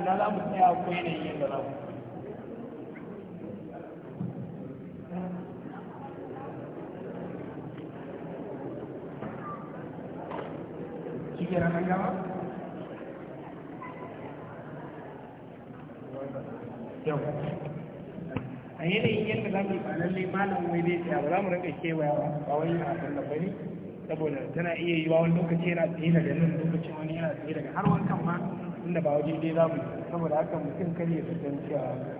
ina za mu tsaya ko yanayin yadda za mu na A yanayin yadda za mu yi ba lallai malam wai zai tsaya ba za mu rinka kewaya ba wani abin da bane. saboda tana iya yi wa wani lokaci yana tsaye daga nan lokacin wani yana tsaye daga har wankan ma inda ba waje dai za mu saboda haka mutum karya ya don cewa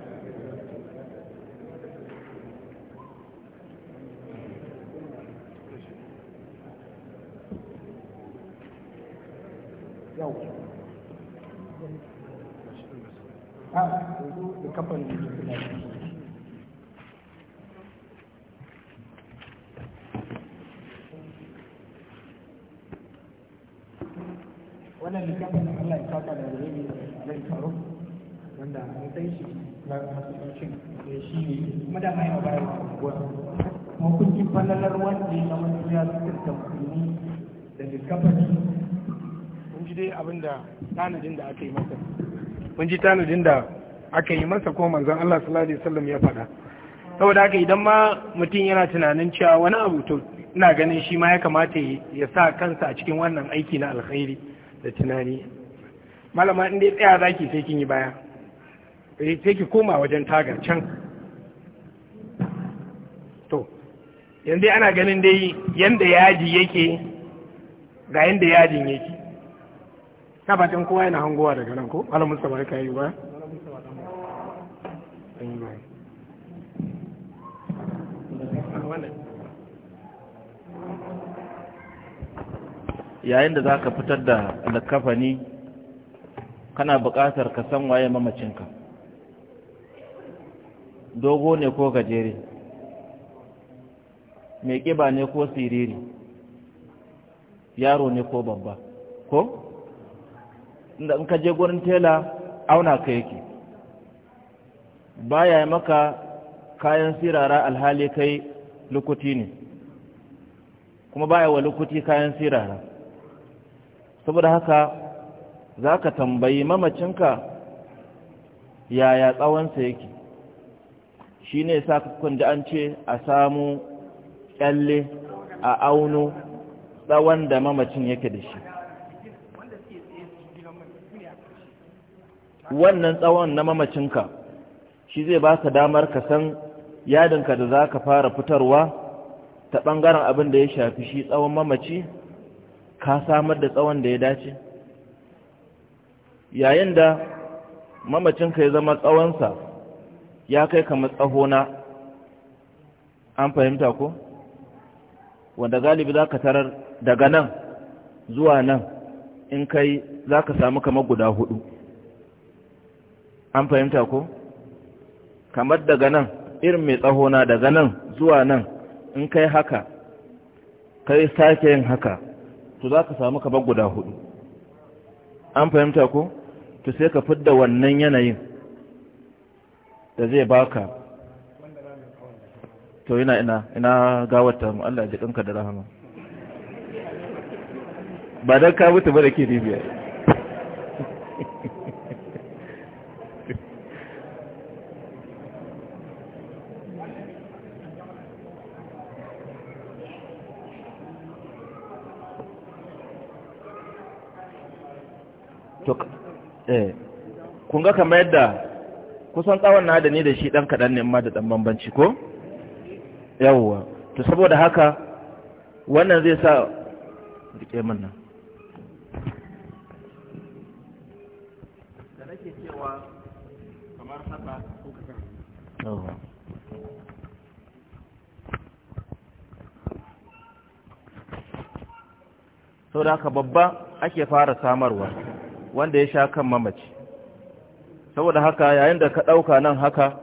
zai faru wanda ya sai shi na masallacin da shi ne kuma da mai bayar kuma kun ji falalar wanda ya zama duniya cikin tamfani da likafani Mun ji dai abin da tanadin da aka yi masa kun ji tanadin da aka yi masa ko manzon Allah sallallahu alaihi wasallam ya faɗa saboda haka idan ma mutum yana tunanin cewa wani abu to ina ganin shi ma ya kamata ya sa kansa a cikin wannan aiki na alkhairi da tunani malama in dai tsaya zaki sai kin yi baya eh, sai ki koma wajen tagar can to yanzu ana ganin dai yanda yaji yake ga yanda yajin yake na fatan kowa yana hangowa daga nan ko alamun sabar ka yi ba yayin da za ka fitar da alkafani kana buƙatar ka san waye mamacinka dogo ne ko gajere mai ƙiba ne ko siriri yaro ne ko babba ko inda in ka je gurin tela auna ka yake baya maka kayan sirara alhali kai lukuti ne kuma baya wa lukuti kayan sirara saboda haka za ka tambayi mamacinka yaya tsawonsa yake shi ne sa da an ce a samu kyalle a aunu tsawon da mamacin yake da shi wannan tsawon na mamacinka shi zai ba ka damar ka san yadinka da za ka fara fitarwa ta ɓangaren abin da ya shafi shi tsawon mamaci ka samar da tsawon da ya dace yayin da mamacinka ya zama tsawonsa ya kai kamar tsahona an fahimta ko wanda galibi za ka tarar daga nan zuwa nan in kai za ka samu kamar guda hudu an fahimta ko kamar daga nan irin mai tsahona daga nan zuwa nan in kai haka kai sake yin haka to za ka samu kamar guda hudu an fahimta ko to sai ka fidda wannan yanayin da zai baka to ina ina ina gawata mu Allah ji dinka da rahama ba dan ka mutu ba da ke dibiya Eh, kun ga kamar yadda kusan tsawon na da ni da shi ɗan kaɗan ne ma da ɗan bambanci ko? yawwa to saboda haka wannan zai sa rike min nan da cewa kamar haka haka babba ake fara samarwa wanda ya sha kan mamaci saboda haka yayin da ka ɗauka nan haka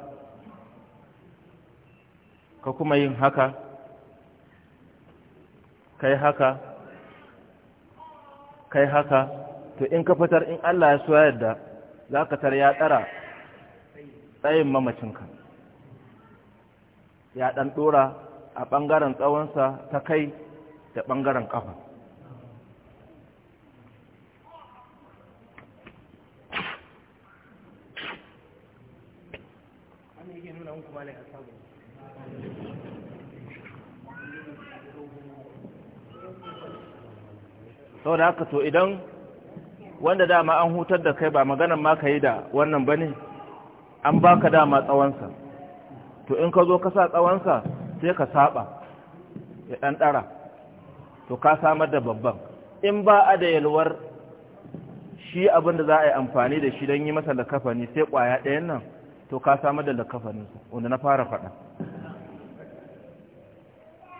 ka kuma yin haka kai haka kai haka to in ka fitar in Allah ya so yadda za ka tar ya tsara tsayin mamacinka ya ɗan ɗora a ɓangaren tsawonsa ta kai da ɓangaren ƙafa saboda haka to idan wanda dama an hutar da kai ba maganan ma ka yi da wannan ba ne an baka dama tsawonsa to in ka zo ka sa tsawonsa sai ka saba ya ɗan ɗara to ka samar da babban in ba a da yalwar shi abin da za a yi amfani da shi don yi masa lakafani sai ƙwaya ɗayan nan to ka samar da lakafaninsa wanda na fara faɗa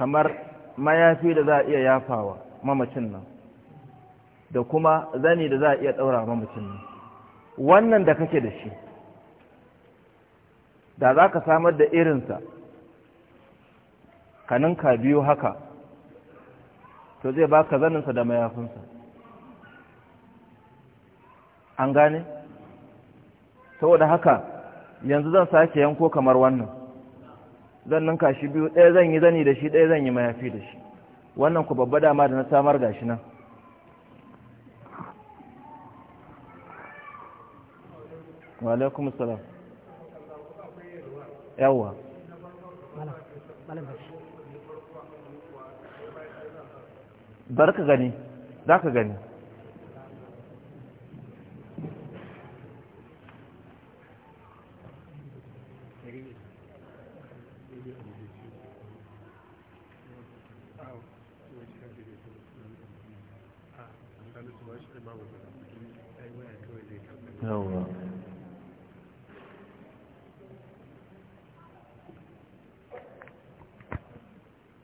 kamar mayafi da za a iya yafawa mamacin nan da kuma zani da za a iya ɗaura mamacin nan wannan da kake da shi da za ka samar da irinsa kaninka biyu haka to zai baka zaninsa da mayafinsa an gane saboda haka yanzu zan sake yanko kamar wannan zan ninka shi biyu ɗaya zan yi zani da shi ɗaya zan yi mayafi da shi wannan ku babba dama da na samar gashi nan walaikum yawwa barka gani za ka gani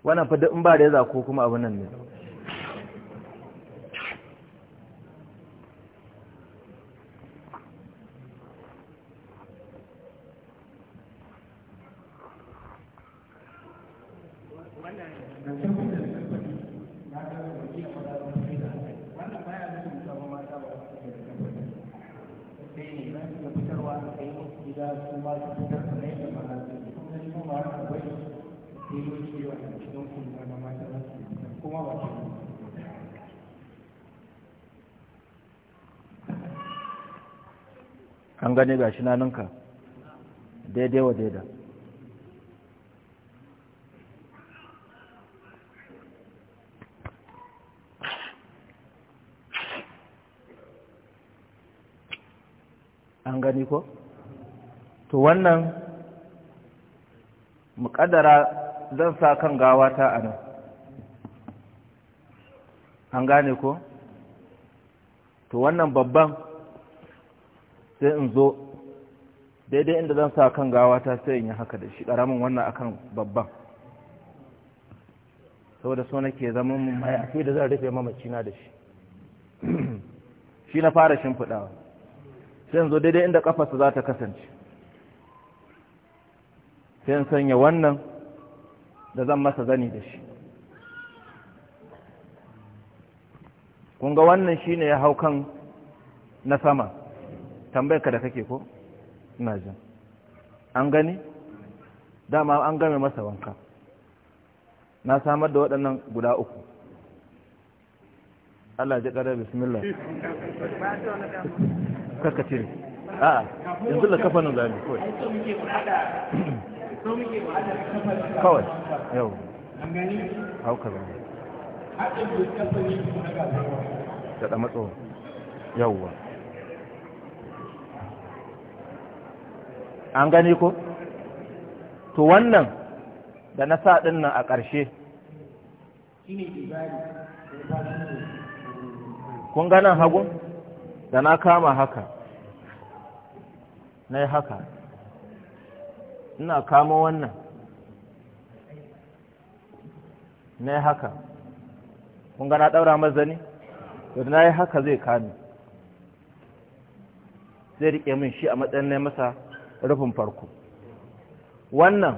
wannan fa in ba da ya zako kuma abin nan ne gani ga shi naninka daidai wa daida an gani ko? to wannan mukaddara zan sa kan gawata a nan an gane ko? to wannan babban sai in zo daidai inda zan sa kan gawata sai in yi haka da shi ƙaramin wannan akan babban saboda so nake zama mayafi da zan rufe mamacina da shi shi na fara shimfiɗawa sai in zo daidai inda ƙafarsa za ta kasance sai in sanya wannan da zan masa zani da shi kunga wannan shine ya hau kan na sama tambayar ka da kake ko ina jin an gani dama an game masa wanka na samar da waɗannan guda uku Allah ji ƙarar bismillah kaka cire a yanzu da kafanin zami kawai kawai yau hauka zami da ɗamatso yauwa an gani ko to wannan da na sa din nan a ƙarshe kun ganin hagu da na kama haka na yi haka ina kama wannan na yi haka kun gana ɗaura mazani da na yi haka zai kame zai riƙe min shi a matsayin na masa rufin farko wannan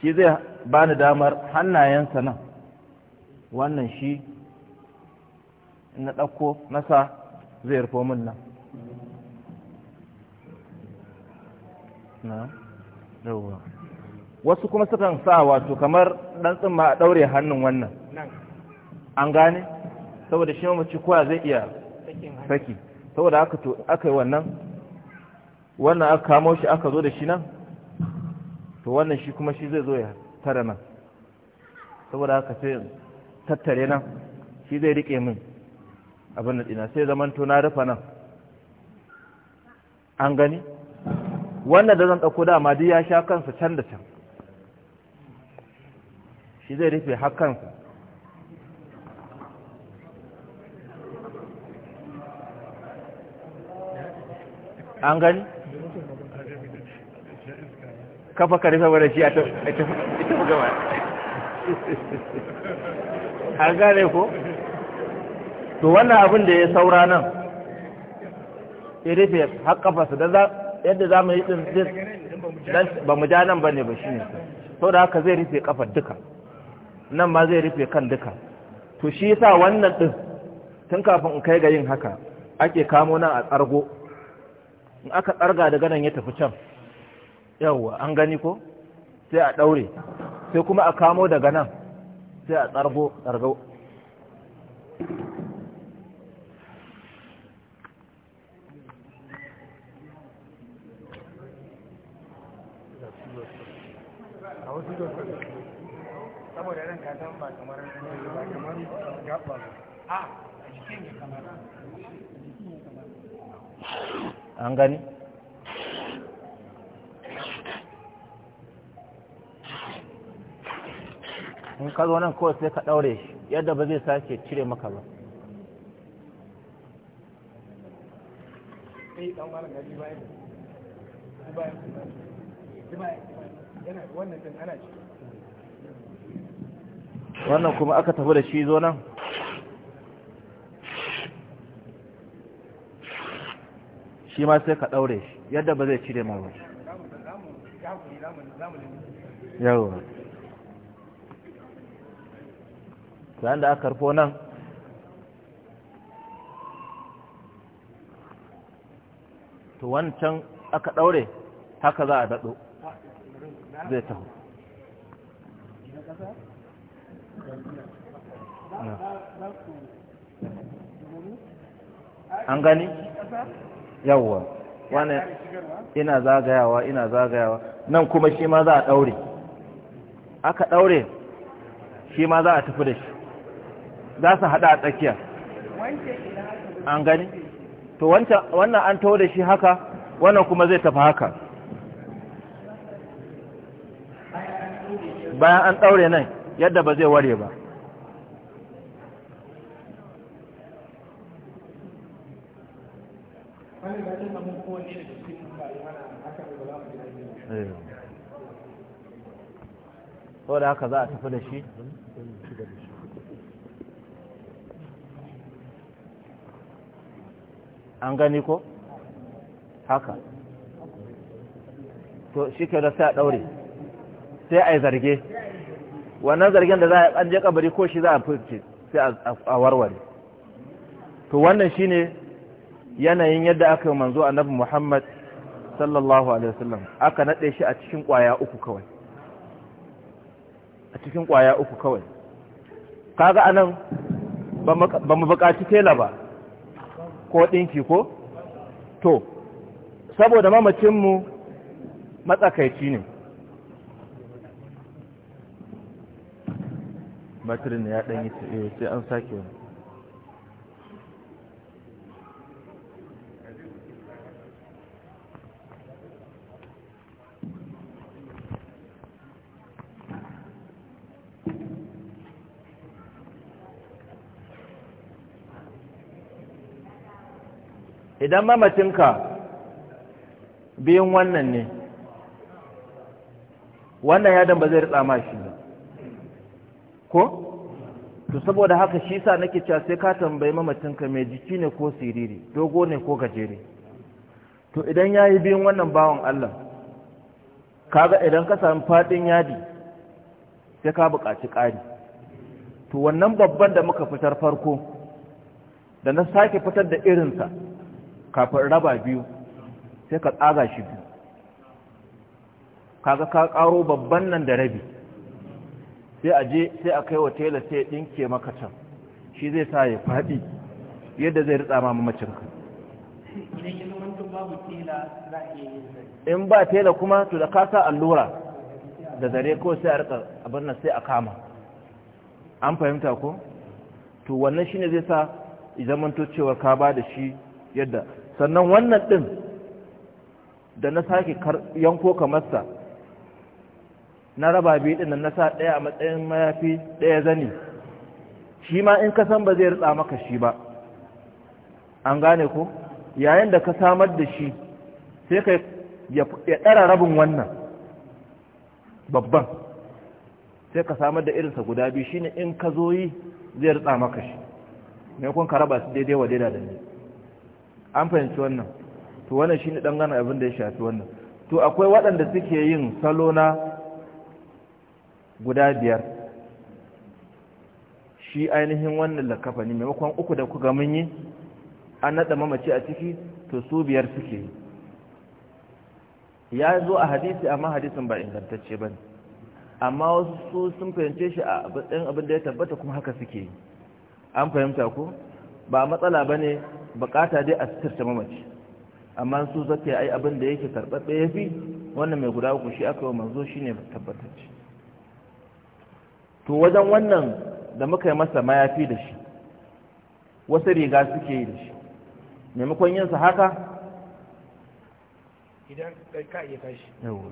shi zai bani damar hannayensa nan wannan shi na ɗauko nasa zai rufo min nan wasu kuma sukan sa wato kamar ɗan tsumma a ɗaure hannun wannan an gane saboda shi mamaci kowa zai iya saki saboda aka yi wannan wannan aka kamo shi aka zo da shi nan to wannan shi kuma shi zai zo ya tara nan saboda haka sai tattare nan shi zai rike min abin da dina sai zaman to na rufa nan an gani wannan da zan ɗauko dama duk ya sha kansa can da can shi zai rufe har kansa an gani kafa kare saboda shi a tafi gaba A gane ko to wannan abin da ya saura nan ya rufe haƙafarsa da yadda za mu yi ɗin ba mu ja nan ba ne ba shi ne sau da haka zai rufe kafar duka nan ma zai rufe kan duka to shi yasa wannan ɗin tun kafin in kai ga yin haka ake kamo nan a tsargo in aka tsarga daga nan ya tafi can yawwa an gani ko sai a ɗaure sai kuma a kamo daga nan sai a tsargo tsargo an gani in ka zo nan kawai sai ka ɗaure shi yadda ba zai sake cire maka ba wannan kuma aka tafi da shi zo nan shi ma sai ka ɗaure shi yadda ba zai cire ma ba yawon sayan da aka rufo nan to wancan aka ɗaure haka za a daɗo zai taho an gani yawwa wane ina zagayawa ina zagayawa nan kuma shi ma za a ɗaure aka ɗaure shi ma za a tafi da shi za su hada a tsakiya an gani to wannan an taho da shi haka wannan kuma zai tafi haka bayan an daure nan yadda ba zai ware ba eh. da haka za a tafi da shi an gani ko haka to shi ke da sai a ɗaure sai a yi zarge wannan zargen da za a ɗanje ƙabari ko shi za a fice sai a warware to wannan shi ne yanayin yadda aka yi manzo annabi muhammad sallallahu alaihi wasallam aka naɗe shi a cikin ƙwaya uku kawai a cikin ƙwaya uku kawai kaga anan ba mu buƙaci tela ba ko ɗinki ko to saboda mamacinmu matsakaici ne Matirin ya ɗanyi eh, sai an sake wani idan mamacinka biyun wannan ne wannan yadon ba zai ritsa ma shi ba ko? to saboda haka shi sa nake cewa sai ka tambayi mamacinka mai jiki ne ko siriri dogo ne ko gajere to idan ya yi biyun wannan bawan Allah kaga idan ka sami fadin yadi sai ka buƙaci ƙari to wannan babban da muka fitar farko da na sake fitar da irinsa kafin raba biyu sai ka tsaga shi biyu kaga ka karo babban nan da rabi sai a je sai a kai wa tela sai dinke maka can shi zai sa ya faɗi yadda zai ritsa ma ka in ba tela kuma to da ka sa allura da zare ko sai a rika abin nan sai a kama an fahimta ko to wannan shine zai sa idan cewa ka ba da shi yadda sannan wannan ɗin da na sake yanko kamarsa na raba biyu ɗin na sa ɗaya a matsayin mayafi ɗaya zani shi ma in ka san ba zai rutsa maka shi ba an gane ko yayin da ka samar da shi sai ka ya ɗara rabin wannan babban sai ka samar da irinsa guda biyu shine in ka zo yi zai rutsa maka shi ne kun ka raba su daidai wa daidai da ni an fahimci wannan to wannan shine gane abin da ya shafi wannan to akwai waɗanda suke yin salo na guda biyar shi ainihin wannan lakafa ne maimakon uku da kuka mun yi an naɗa mamaci a ciki to su biyar suke yi ya zo a hadisi amma hadisin ba ingantacce ba ne amma wasu sun fahimce shi a ɗan abin da ya tabbata kuma haka suke yi an fahimta ku ba matsala ba ne bukata dai a sitarta mamaci amma su zaka ai abin da yake karɓaɓɓe ya fi wannan mai guda uku shi aka yi manzo shi ne tabbatacce to wajen wannan da muka yi masa mayafi da shi wasu riga suke yi da shi maimakon yin sa haka idan ka iya tashi yawa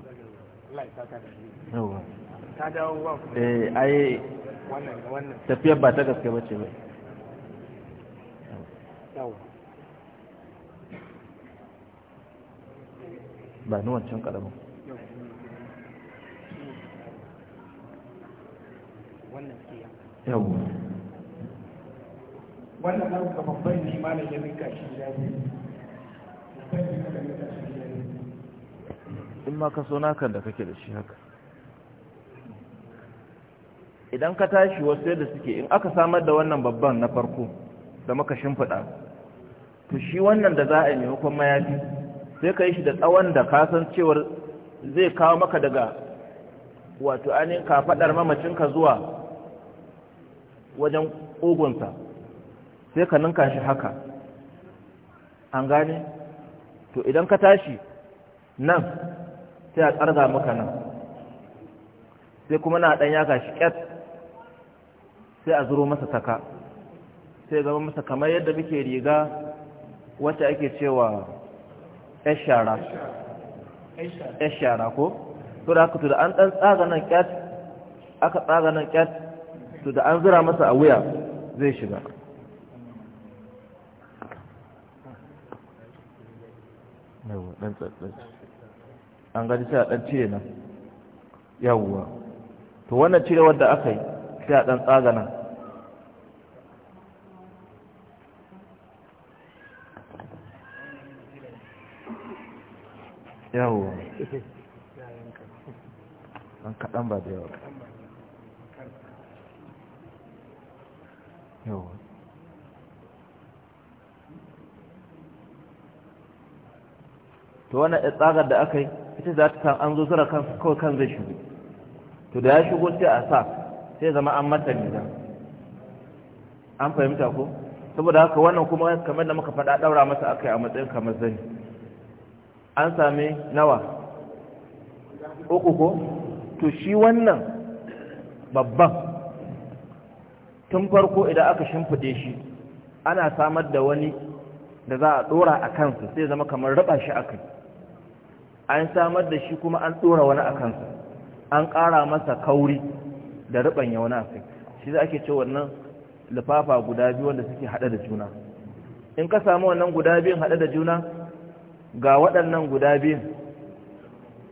ta dawo wa ku eh ai wannan wannan tafiyar ba ta gaske bace bai yawa ba ni wancan karamin wannan na ga babban limanin ya rinka shi in ma ka so naka da kake da shi haka idan ka tashi wasu yadda suke in aka samar da wannan babban na farko da maka shimfiɗa to shi wannan da za a yi maimakon mayafi sai ka yi shi da tsawon da kasan cewar zai kawo maka daga wato ainihin kafaɗar mamacinka zuwa wajen ƙugunsa sai ka ninka shi haka an gane to idan ka tashi nan sai a tsarga maka nan sai kuma na ɗan ga shi ƙyar sai a zuro masa taka sai zama masa kamar yadda muke riga wacce ake cewa shara ya ko to da aka to da an dan tsaga nan kyat aka tsaga nan kyat to da an zura masa a wuya zai shiga yawo dan tsatsaci an gaji sai a dan cire nan yawuwa to wannan cirewar da aka yi sai a dan tsaga nan yawo an kaɗan ba da yawa yawo to wannan tsagar da aka yi ita za ta san an zo zura kawai kan zai shigo to da ya shigo sai a sa sai zama an mata gida an fahimta ko saboda haka wannan kuma kamar da muka faɗa ɗaura masa aka yi a matsayin kamar zani an sami nawa uku ko to shi wannan babban tun farko idan aka shimfide shi ana samar da wani da za a dora a kansu sai zama kamar raba shi akai an samar da shi kuma an dora wani a kansu, an ƙara masa kauri da rubanya wani akai shi za ake ce wannan lufafa guda biyu wanda suke hada da juna in ka samu wannan guda biyun hada da juna ga waɗannan guda biyun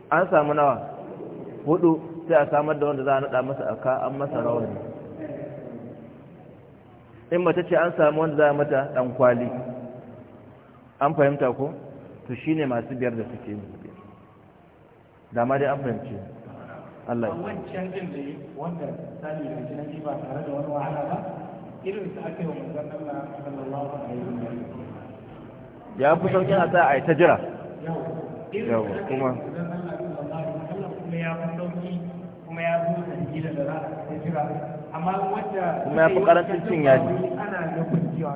an samu nawa hudu sai a samar da wanda za a naɗa masa aka an masa rawani in mace ce an samu wanda za a mata ɗan kwali an fahimta ku? to shi ne masu biyar da suke musu biyar dama dai an fahimci Allah ya wancan jin da yi wanda sani da jinaji ba tare da wani wahala ba irin su ake yi wa manzon Allah sallallahu alaihi wa sallam ya fi sauƙin a sa a ta jira yawa kuma kuma ya fi ƙarancin cin yaji ya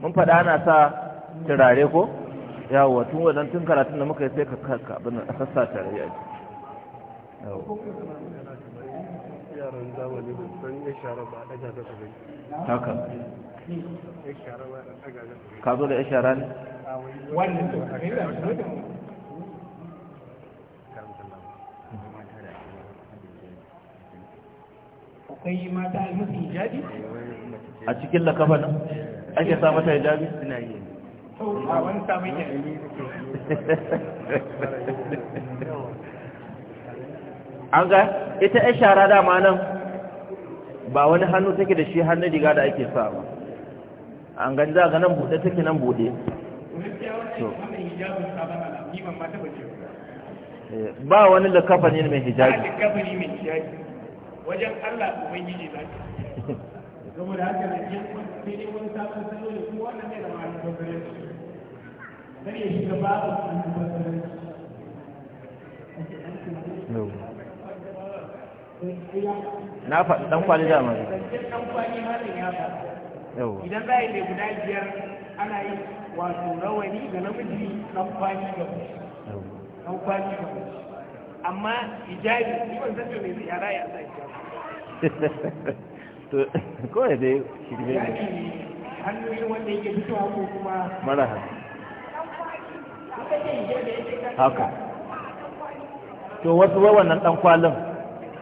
mun faɗa ana sa turare ko yawo tun wajen tun karatun da muka yi sai ka sassa turare yaji yaran zamani da shara ba daga da haka ka zo da shara ne wannan akwai mata a hijabi a cikin lakafa ake sa mata hijabi suna yi a wani samun an ga ita ya shara dama nan ba wani hannu take da shi hannun riga da ake sa ba an gani za ga nan bude take nan bude ba wani da kafani mai hijabi wajen Allah ubangiji za ka saboda haka da yin sai dai wani sabon salo da kuma wannan ne da ma'anar na faɗi ɗan kwali da mai idan za a yi mai guda biyar ana yi wato rawani ga namiji ɗan kwali ga ɗan kwali ga amma hijabi ni zan zato mai zai yara ya sai to kawai dai shi ne hannun wanda yake fitowa ko kuma mara haka to wasu wawannan ɗan kwalin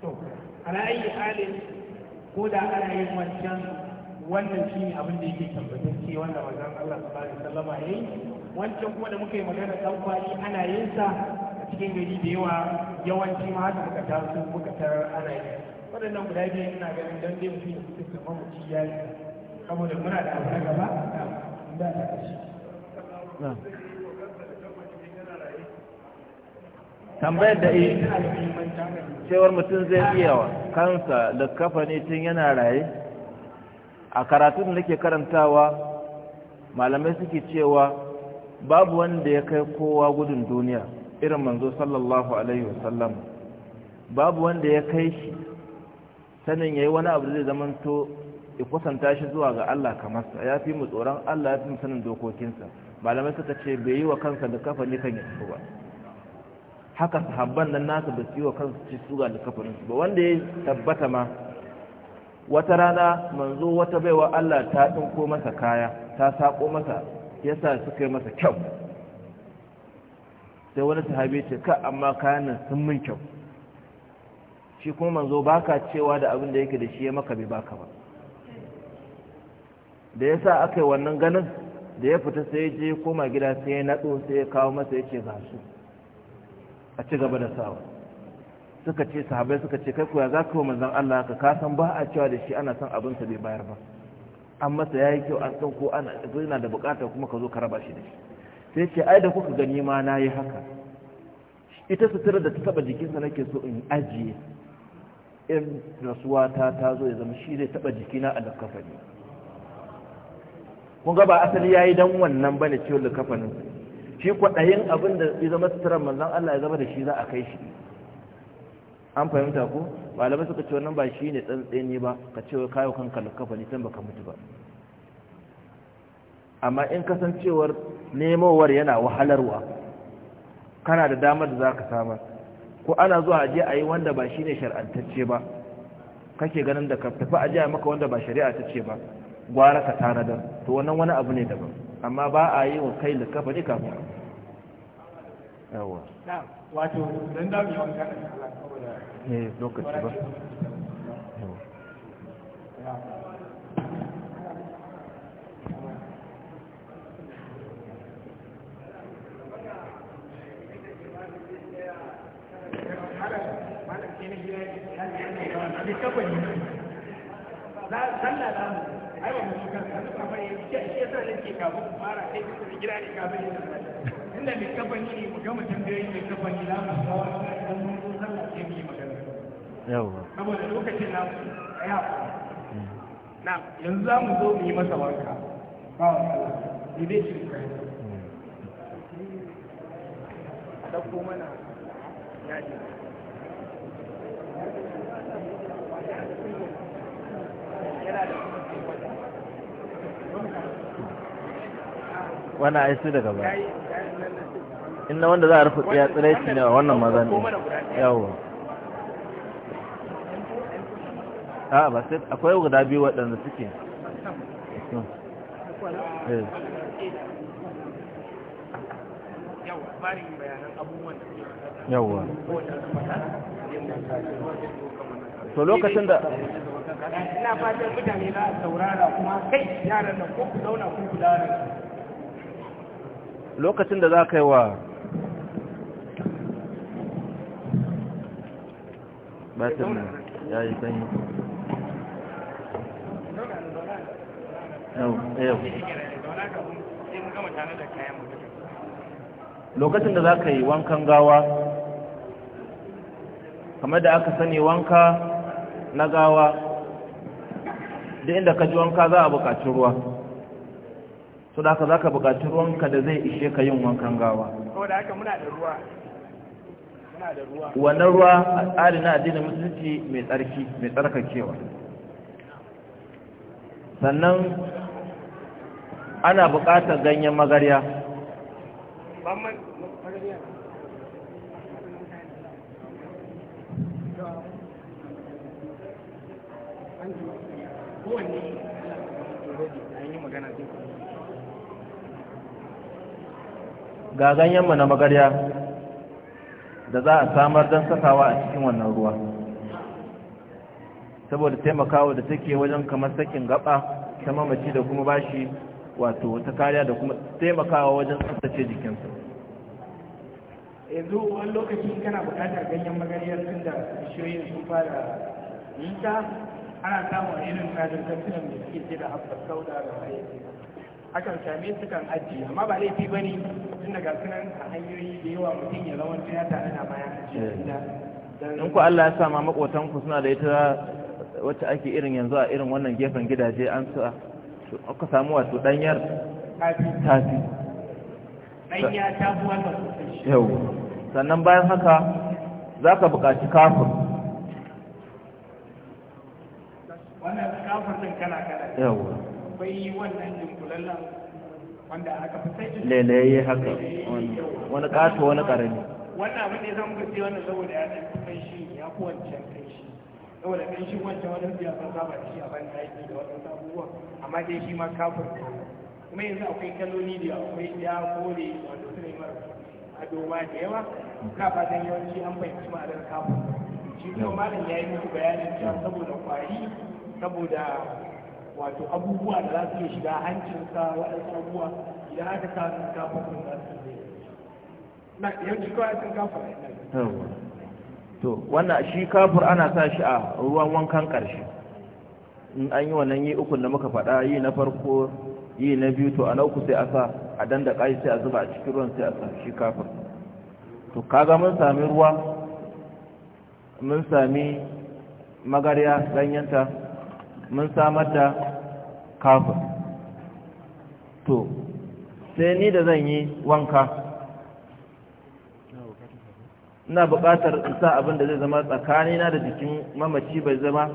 to ala ayi halin ko da ana yin wancan wannan shi ne abin da yake tabbatacce wanda wajen Allah sallallahu alaihi wasallam yayi wancan kuma da muka yi magana dan kwali ana yin sa a cikin gari da yawa yawanci ma haka muka taso muka tarar ana yi waɗannan guda biyu ina ganin dan dai mutum ya fita kamar mutum ya yi saboda muna da abu na gaba da da shi tambayar da yi eh, cewar mutum zai iya wa kansa da kafa ne tun yana raye a karatun da nake karantawa malamai suke cewa babu wanda ya kai kowa gudun duniya irin manzo sallallahu alaihi wasallam babu wanda ya kai shi sanin yi wani abu zai to ya kusanta shi zuwa ga Allah kamar sa ya fi mu tsoron Allah ya fi mu sanin dokokinsa malamai suka ce bai yi wa kansa da kafa ne kan ya tafi ba haka sahabban nan nasu ba su yi wa kansu ci su ga likafarinsu ba wanda ya tabbata ma wata rana manzo wata baiwa Allah ta ɗinko masa kaya ta sako masa yasa suka yi masa kyau sai wani sahabi ce ka amma kayan nan sun min kyau shi kuma manzo baka cewa da abin da yake da shi ya maka bai baka ba da yasa aka yi wannan ganin da ya fita sai ya je koma gida sai ya naɗo sai ya kawo masa ya ce ga a ci gaba da sawa suka ce sahabai suka ce kai kuwa za ka wa manzan Allah ka kasan ba a cewa da shi ana son abinsa bai bayar ba an masa ya yi kyau an san ko ana zina da bukata kuma ka zo ka raba shi da shi sai ce ai da kuka gani ma na yi haka ita sutura da ta taba jikinsa nake so in ajiye in rasuwa ta ta zo ya zama shi zai taba jikina a lakafani kun ga ba asali yayi dan wannan bane ciwon lakafanin shi kwaɗayin abin da ya zama suturar manzan Allah ya zama da shi za a kai shi an fahimta ko malamai suka ce wannan ba shi ne ne ba ka ce wa kayo kanka lukafa nisan baka mutu ba amma in kasancewar nemowar yana wahalarwa kana da damar da za ka samar ko ana zuwa aje a yi wanda ba shi ne shar'antacce ba kake ganin da ka tafi aje a maka wanda ba shari'a ta ce ba gwara ka tanadar to wannan wani abu ne daban amma ba a yi wa kai da kafa ne kafin yawa wato don da wanka da lokaci ba inda mai kafani ne mu gama tambayoyi mai kafani za mu ga wata ɗan mutu sallah ce mu yi magana yawa saboda lokacin na ya hmm. na yanzu za mu zo mu yi masa wanka ba wa ne zai ci kai hmm. a mana yaji yana da wannan ai su daga baya inda wanda za a rufe tsiya tsiraici ne a wannan maza ne yawo a ba sai akwai guda biyu waɗanda suke eh. yawa to lokacin da ina fatan mutane na saurara kuma kai yaran da ko ku zauna ko ku dawo lokacin da za ka yi wa batin ya yi sanyi eh, lokacin da za ka yi wankan gawa kamar da aka sani wanka na gawa duk inda ka ji wanka za a buƙaci ruwa so da haka zaka buƙaci ruwanka da zai ishe ka yin wankan gawa saboda haka muna da ruwa muna da ruwa wannan ruwa tsari na addinin musulunci mai tsarki mai tsarkakewa sannan ana buƙatar ganyen magarya ga ganyenmu na magarya da za a samar don sakawa a cikin wannan ruwa saboda taimakawa da take wajen kamar sakin gaba ta mamaci da kuma bashi wato ta kariya da kuma taimakawa wajen tsaftace jikinsa yanzu wani lokaci kana bukatar ganyen magariyar tun da bishiyoyin sun fara nisa ana samun irin kajin kasinan da suke ce da haɓar sauda da hayyaki akan same su kan ajiye amma ba laifi bane tun daga sunan a hanyoyi da yawa mutum ya zama ya tare na bayan ajiye eh. in ku Allah ya sa ma makotan ku suna da ita wacce ake irin yanzu a irin wannan gefen gidaje an sa aka samu wato danyar tafi danya ta fi wannan yau sannan bayan haka za ka buƙaci kafin wannan kafin din kala-kala. yau akwai wannan dunkulallen wanda aka fi sai haka wani kato wani karami wannan abin da ya zama gaske wannan saboda ya kai shi ya fi wancan shi saboda shi wancan wani saba da shi a da amma dai shi ma kafin kuma yanzu akwai kaloli da akwai ya kore wanda su ne mara adoma da yawa na fatan yawanci an fahimci kafin shi kuma malam ya yi muku bayanin cewa saboda kwari saboda wato abubuwa da za su iya shiga hancinsa waɗansu abubuwa idan aka sa sun kafa sun za su iya na yanzu kawai sun kafa to wannan shi kafur ana sa shi a ruwan wankan ƙarshe in an yi wannan yi ukun da muka faɗa yi na farko yi na biyu to a na uku sai a sa a danda ƙashi sai a zuba a cikin ruwan sai a sa shi kafur to kaga mun sami ruwa mun sami magarya ganyenta mun samar da kafin to sai ni da zan yi wanka ina buƙatar sa abin da zai zama tsakanina da jikin mamaci bai zama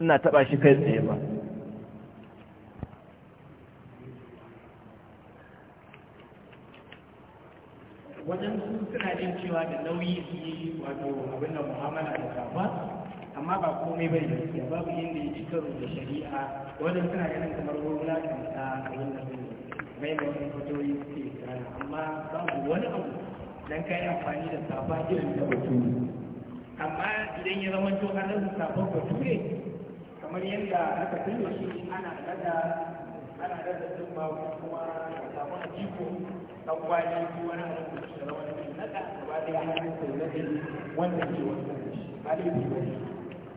ina taɓa shi kai tsaye ba wajen suna cewa da nauyi su yi wato abin da da amma ba komai bai gaskiya babu inda ya ci karo da shari'a wajen suna ganin kamar wulaƙanta a wannan mai mai wani fatoyi suke tsara amma babu wani abu dan kai amfani da safa irin da bature amma idan ya zama to an rasa safan bature kamar yadda aka tunda shi ana daga ana daga tsumma kuma safan jiko dan kwali ko wani abu da wani nada gaba da ya hana sai da wannan ke wannan alibi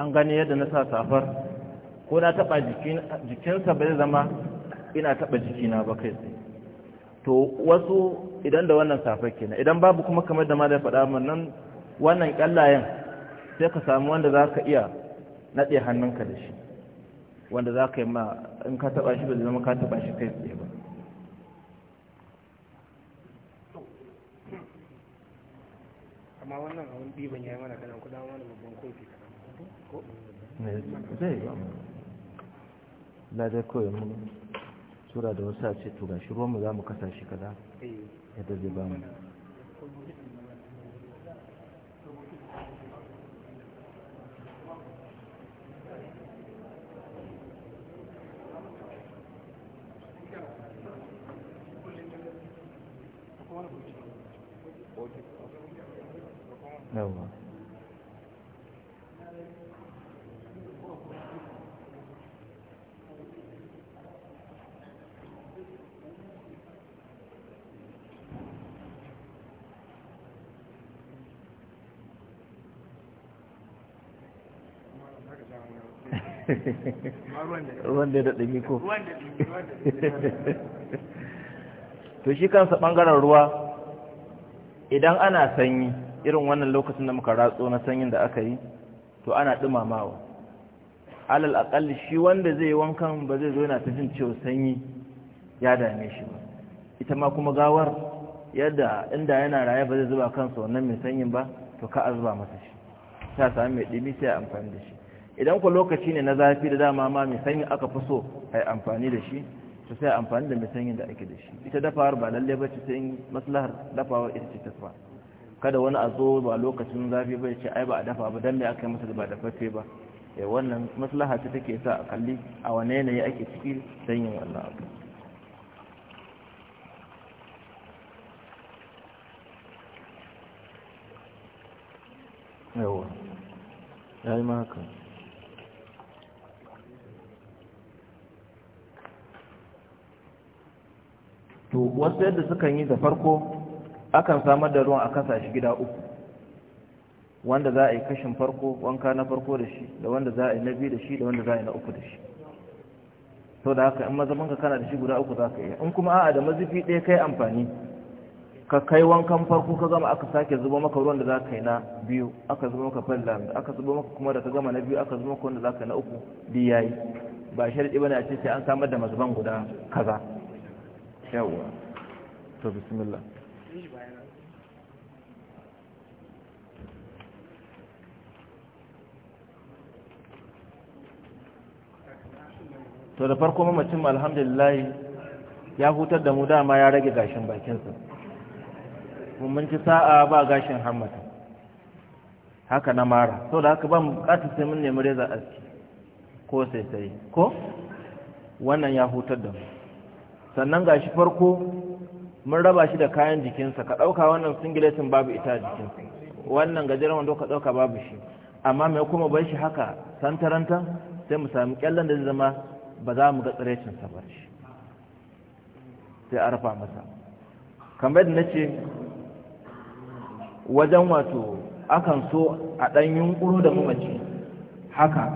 an gani yadda na sa safar ko na taɓa jikinsa bai zama ina taɓa jikina ba kai tsaye to wasu idan da wannan safar kenan idan babu kuma kamar da ma da faɗa nan wannan ƙyallayen sai ka samu wanda za ka iya naɗe hannunka da shi wanda za ka yi ma in ka taɓa shi ba zama ka taɓa shi kai tsaye ba amma wannan abin biban ya yi mana kanan kudan wani babban kofi zai yi ladar kawai mu tura da wasu a ce tura shi ruwanmu za mu kasa shi kada yadda zai ba mu No. ruwan da to shi kansa ɓangaren ruwa idan ana sanyi irin wannan lokacin da muka ratso na sanyin da aka yi to ana ɗumamawa alal aƙalli shi wanda zai wankan ba zai zo yana ta jin cewa sanyi ya dame shi ba ita ma kuma gawar yadda inda yana raye ba zai zuba kansa wannan mai sanyin ba to ka a zuba masa shi ta sami mai ɗimi sai amfani da shi idan ku lokaci ne na zafi da dama ma mai sanyi aka fi so a yi amfani da shi su sai amfani da mai sanyin da ake da shi ita dafawar ba lalle ba ce sai maslahar dafawar ita ce ta kada wani a zo ba lokacin zafi bai ce ai ba a dafa ba dan me aka yi masa ba dafaffe ba eh wannan maslaha ta take sa a kalli a wane yanayi ake ciki sanyin wannan abu yawa ya yi ma haka to wasu yadda sukan yi da farko akan samar da ruwan a kasa shi gida uku wanda za a yi kashin farko wanka na farko da shi da wanda za a yi na biyu da shi da wanda za a yi na uku da shi Sau da haka in ka kana da shi guda uku za ka iya in kuma a'a da mazifi ɗaya kai amfani ka kai wankan farko ka gama aka sake zuba maka ruwan da za ka yi na biyu aka zuba maka falla aka zuba maka kuma da ka gama na biyu aka zuba maka wanda za ka yi na uku biyu yi. ba ba ne a ce sai an samar da mazaban guda kaza yawwa to bismillah to da farko mamacin alhamdulillah ya hutar da mu dama ya rage gashin bakinsa mun ci sa'a ba gashin hammata haka na mara so da haka ban bukata sai mun nemi reza aski ko sai sai ko wannan ya hutar da mu sannan ga shi farko mun raba shi da kayan jikinsa ka ɗauka wannan singiletin babu ita jikinsa wannan gajeren wanda ka ɗauka babu shi amma mai kuma bai shi haka santaranta sai mu sami kyallon da zai zama ba za mu ga tsirecinsa ba shi sai a rafa masa kamar da na ce wajen wato akan so a ɗan yunƙuro da mamaci haka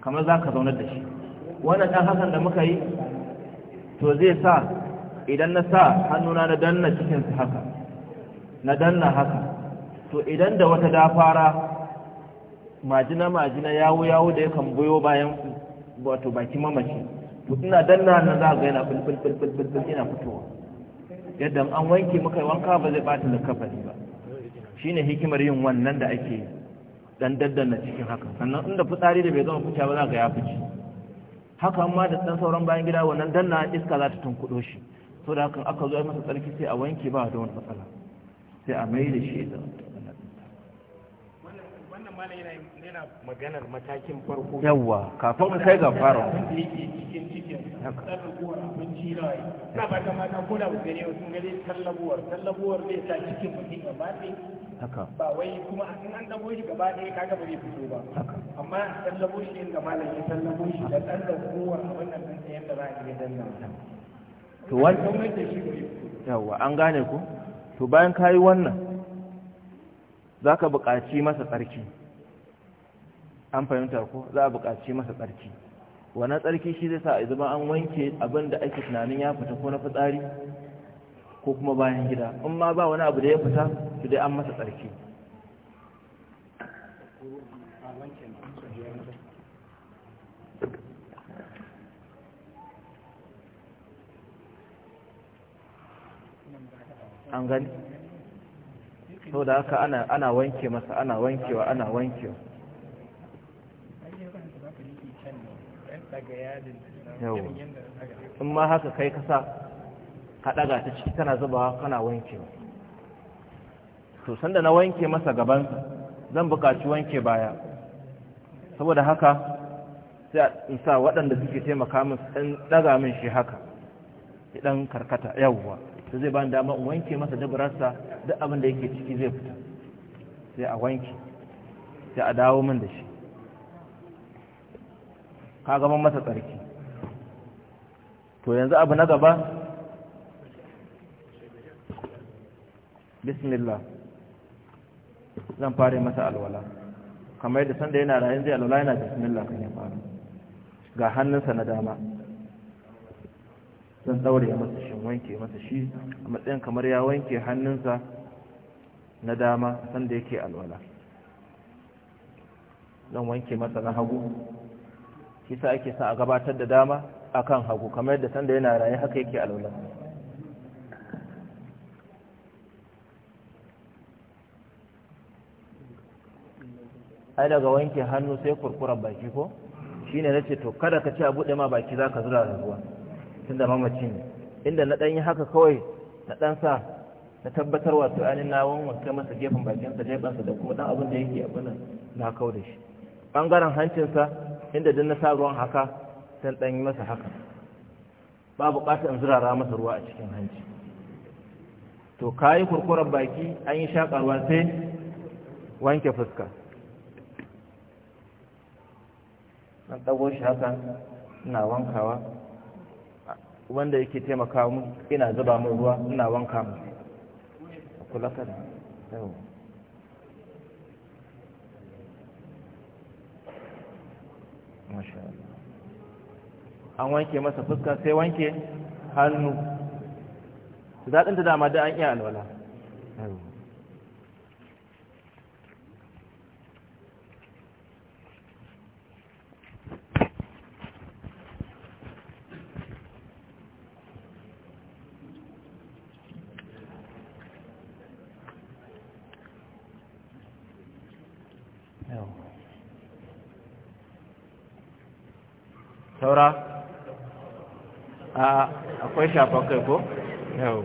kamar za ka zaunar da shi wannan ɗan hakan da muka yi to zai sa idan na sa hannuna na danna cikinsu haka na danna haka to idan da wata da fara majina-majina yawo-yawo da yakan buyo bayan wato baki mamaci to ina danna na za ga yana fulfulfulfulful ina fitowa yadda an wanke muka wanka ba zai bata da kafari ba shine hikimar yin wannan da ake dan daddana cikin haka sannan inda fitsari da bai zama fita ba za ga ya fice haka amma da ɗan sauran bayan gida wannan danna iska za ta tunkuɗo shi so da hakan aka zo masa tsarki sai a wanke ba da wani matsala sai a mai da shi da wannan malam yana maganar matakin farko yawa kafin mu kai ga fara wani. cikin cikin tallabuwar abinci na na ba ta mata ko da gare sun gare tallabuwar tallabuwar zai sa cikin mutum ya ba wai kuma in an dago shi gaba ɗaya kaga ba zai fito ba amma an sallabo shi inda malam ya sallabo shi da ɗan da kowa a wannan ɗan tsayen da za a iya danna to wani da shi bai fito yawa an gane ku to bayan ka yi wannan za ka buƙaci masa tsarki an fahimta ko za a buƙaci masa tsarki wannan tsarki shi zai sa a zama an wanke abin da ake tunanin ya fita ko na fitsari ko kuma bayan gida in ma ba wani abu da ya fita su dai an masa tsarki an gani so da haka ana wanke masa ana wankewa ana wankewa yau in ma haka kai kasa ka ɗaga ta ciki tana zubawa kana wankewa to sanda na wanke masa gabansa zan buƙaci wanke baya saboda haka sai in sa waɗanda suke taimaka min ɗan ɗaga min shi haka idan karkata yawwa sai zai bani dama in wanke masa dabararsa duk abin da yake ciki zai fita sai a wanke sai a dawo min da shi ka gaban masa tsarki to yanzu abu na gaba bismillah zan fara masa alwala kamar yadda sanda yana rayin zai alwala yana bismillah kan ya fara ga hannunsa na dama zan daure masa shin wanke masa shi a matsayin kamar ya wanke hannunsa na dama sanda yake alwala zan wanke masa na hagu shi sa ake sa a gabatar da dama akan hagu kamar yadda sanda yana raye haka yake alwala ai daga wanke hannu sai kurkuren baki ko shine nace to kada ka ci a buɗe ma baki zaka zura da ruwa tunda mamaci ne inda na ɗan yi haka kawai na ɗan sa na tabbatar wato ainihin na wanwanke masa gefen bakinsa jefansa da kuma ɗan abin da yake abin na kau da shi ɓangaren hancinsa inda duk na sa ruwan haka sai ɗan yi masa haka ba buƙatar in zurara masa ruwa a cikin hanci to ka yi baki an yi shaƙarwa sai wanke fuska na ɗago shi haka ina wankawa wanda yake taimaka mu ina zuba mu ruwa ina wanka mu kula ka yau an wanke masa fuska sai wanke hannu zaɗin da dama da an iya alwala saura a akwai shafa kai ko? yau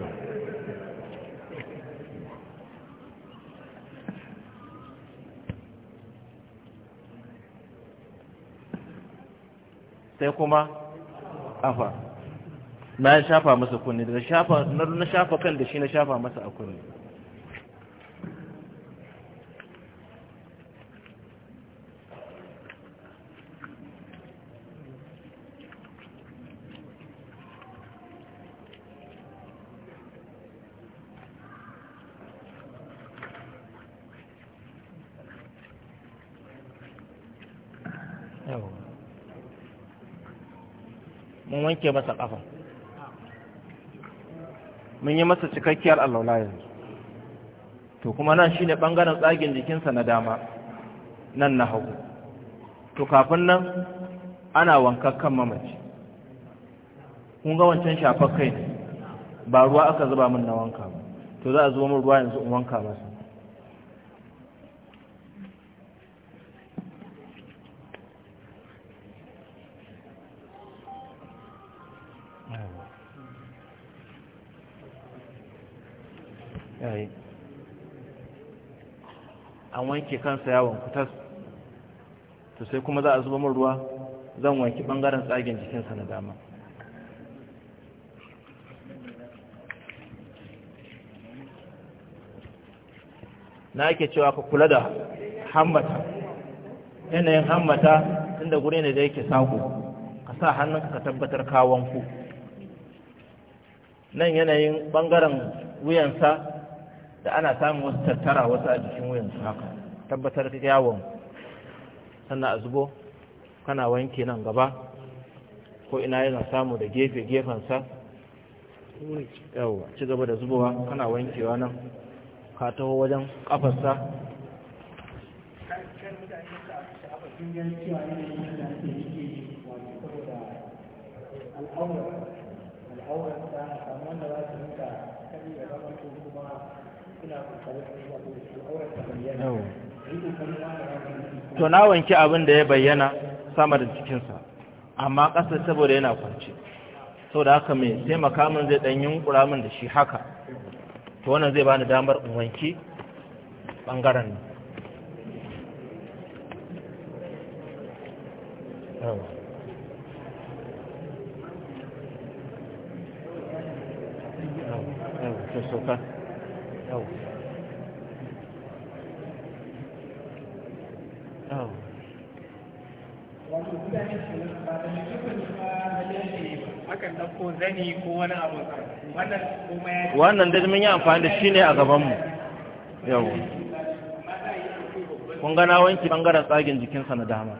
sai kuma afa na shafa masa kunne daga shafa na shafa kan da shi na shafa masa a kunne suke masa kafa mun yi masa cikakkiyar allaula yanzu to kuma nan shine bangaren tsagin jikinsa na dama nan na hagu to kafin nan ana kan mamaci kun ga wancan shafar kai ne ba ruwa aka zuba min na wanka ba to za a zuba min ruwa yanzu in wanka masa an wanke kansa yawon kutas to sai kuma za a zuba min ruwa zan wanki bangaren tsagen jikinsa na dama na ake cewa ka kula da hammata yanayin hammata inda gure ne da yake saku ka sa hannunka ka tabbatar kawon ku nan yanayin ɓangaren wuyansa da ana samun wasu tattara wasu a jikin wuyansu haka tabbatar da yawon sannan a zubo kana wanke nan gaba ko ina yana samu da gefe gefensa yawon ci gaba da zubowa kana wankewa nan ka taho wajen kafarsa al'aurar al'aurar da kamar da za su nuka kari da zama kuma to na wanke abin da ya bayyana sama da cikinsa amma ƙasa saboda yana kwanci sau da haka mai sai makamin zai ɗan yunkura min da shi haka to wannan zai bani damar in wanke ɓangaren nan Thank you. wannan da mun yi amfani da shi ne a gabanmu yau kun na wanki bangaren tsagen jikinsa na dama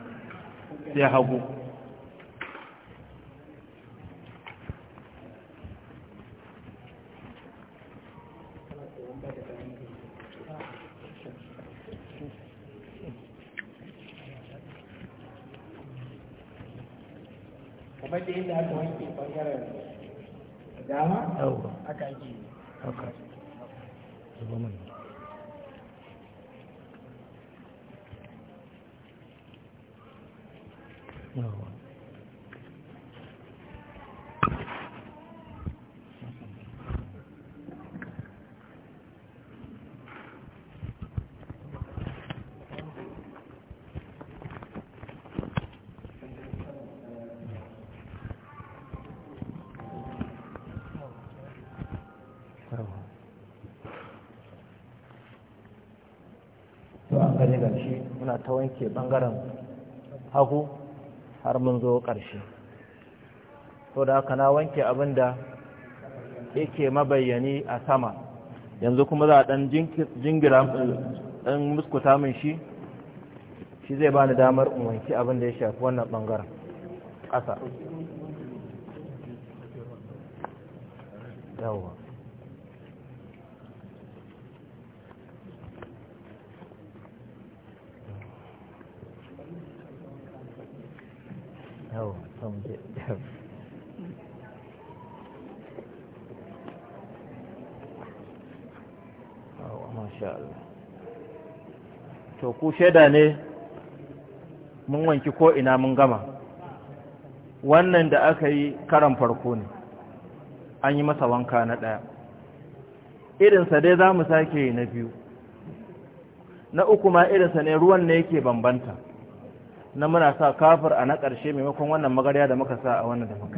sai hagu kagi ta wanke bangaren hagu har mun zo ƙarshe so da haka na wanke abin da yake mabayyani a sama yanzu kuma za a ɗan jingira ɗan muskuta min shi shi zai ba ni damar in wanke abin da ya shafi wannan bangaren ƙasa yawon ku shaida ne mun wanki ko ina mun gama wannan da aka yi karan farko ne an yi masa wanka na ɗaya irinsa dai za mu sake na biyu na uku ma irinsa ne ruwan ne yake bambanta na muna sa kafir a na ƙarshe maimakon wannan magarya da muka sa a wannan da muka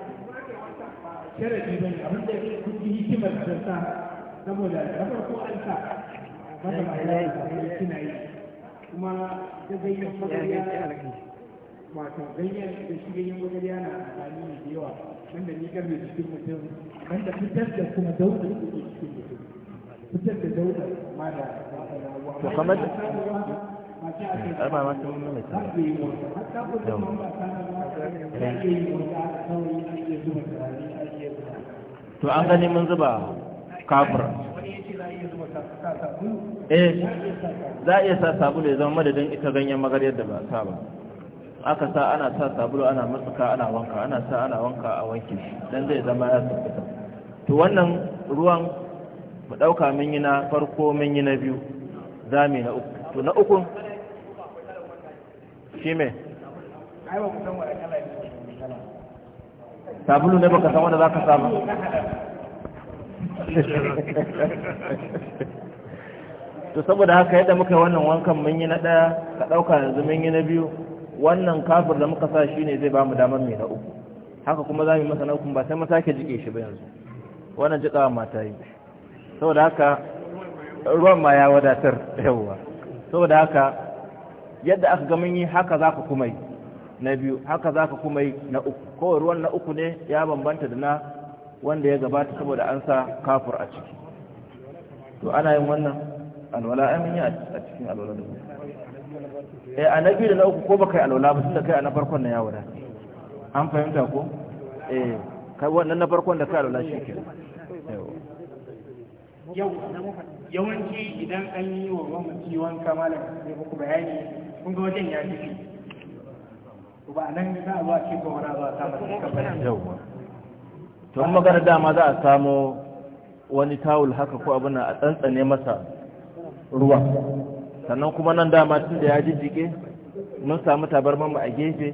sharadi bane abin da yake kuɗi hikimar da sa saboda da farko an sa masa ma'ana kina yi kuma da ganyen magariya wato ganyen da shi ganyen magariya na amfani da yawa wanda ni kan cikin mutum wanda fitar da kuma dauda da ke cikin mutum fitar da dauda ma da Muhammad ai ba ma sun nuna ta yau to an gani mun zuba kafir eh za a iya sa sabulu ya zama madadin ita ganyen magaryar da ba sa ba aka sa ana sa sabulu ana matsuka ana wanka ana sa ana wanka a wanke shi dan zai zama ya sa to wannan ruwan mu dauka mun yi na farko mun yi na biyu zami na uku to na uku shi me sabulu ne baka san wanda za ka samu to saboda haka yadda muka yi wannan wankan mun yi na ɗaya ka ɗauka yanzu mun yi na biyu wannan kafir da muka sa shi ne zai ba mu damar mai na uku haka kuma za mu yi masa na uku ba sai mu sake jike shi ba yanzu wannan jiƙawa mata yi saboda haka ruwan ma ya wadatar yawwa saboda haka yadda aka ga mun yi haka za ka kuma yi na biyu haka za ka kuma yi na uku kawai ruwan na uku ne ya bambanta da na wanda ya gabata saboda an sa kafur a ciki to ana yin wannan alwala amin yi a cikin alwala da eh a na biyu da na uku ko baka yi alwala ba da kai a na farkon na ya wada an fahimta ko eh kai wannan na farkon da kai alwala shi ke yawanci idan an yi wa mamaci wanka malam sai ku bayani kun ga wajen ya fi. to ba nan za a ba ce ko wani za a samu yawa tun magana dama za a samo wani tawul haka ko abin a tsantsane masa ruwa sannan kuma nan dama tun da ya jijjike mun samu tabarmanmu a gefe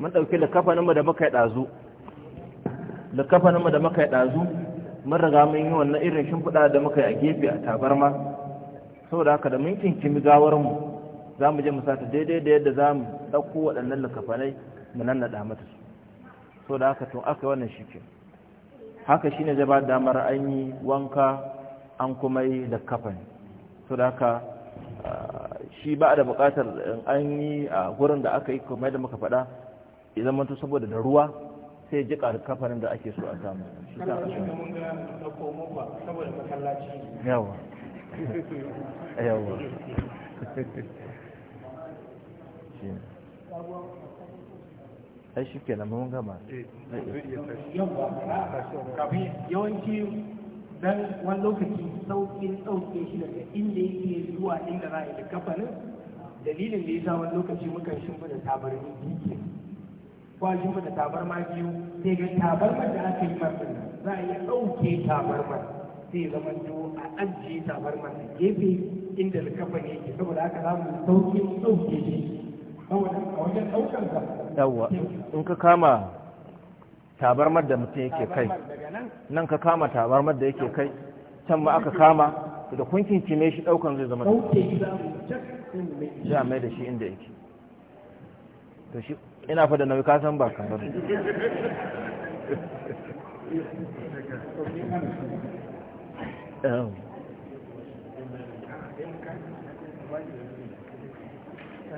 mun ɗauki likafaninmu da muka yi ɗazu likafaninmu da muka yi ɗazu mun riga mun yi wannan irin shimfiɗa da muka yi a gefe a tabarma saboda haka da mun kinkimi gawarmu za mu je mu sata daidai da yadda za mu ɗauko waɗannan lakafanai mu naɗa mata su so da haka tun aka wannan shi ke haka ne zai ba damar an yi wanka an kuma yi likafani so da haka shi ba da buƙatar an yi a gurin da aka yi kuma da muka faɗa idan zama saboda da ruwa sai ji kafanin da ake so a samu shi ta shi ne ai shi ke nan mun gama yawanci dan wani lokaci saukin sauke shi daga inda yake zuwa inda za a yi kafanin dalilin da ya sa wani lokaci mukan shimfida tabarmi biyu kwa shimfida tabarma biyu sai ga tabarmar da aka yi martin za a iya ɗauke tabarmar sai zama to a ajiye tabarmar a gefe inda ne yake saboda haka za mu sauke sauke shi yawa in ka kama tabarmar da mutum yake kai nan ka kama tabarmar da yake kai can ma aka kama da kunkin kime shi daukan zai zama da mai da shi inda yake to shi ina fada nauyi ka san ba kamar yawa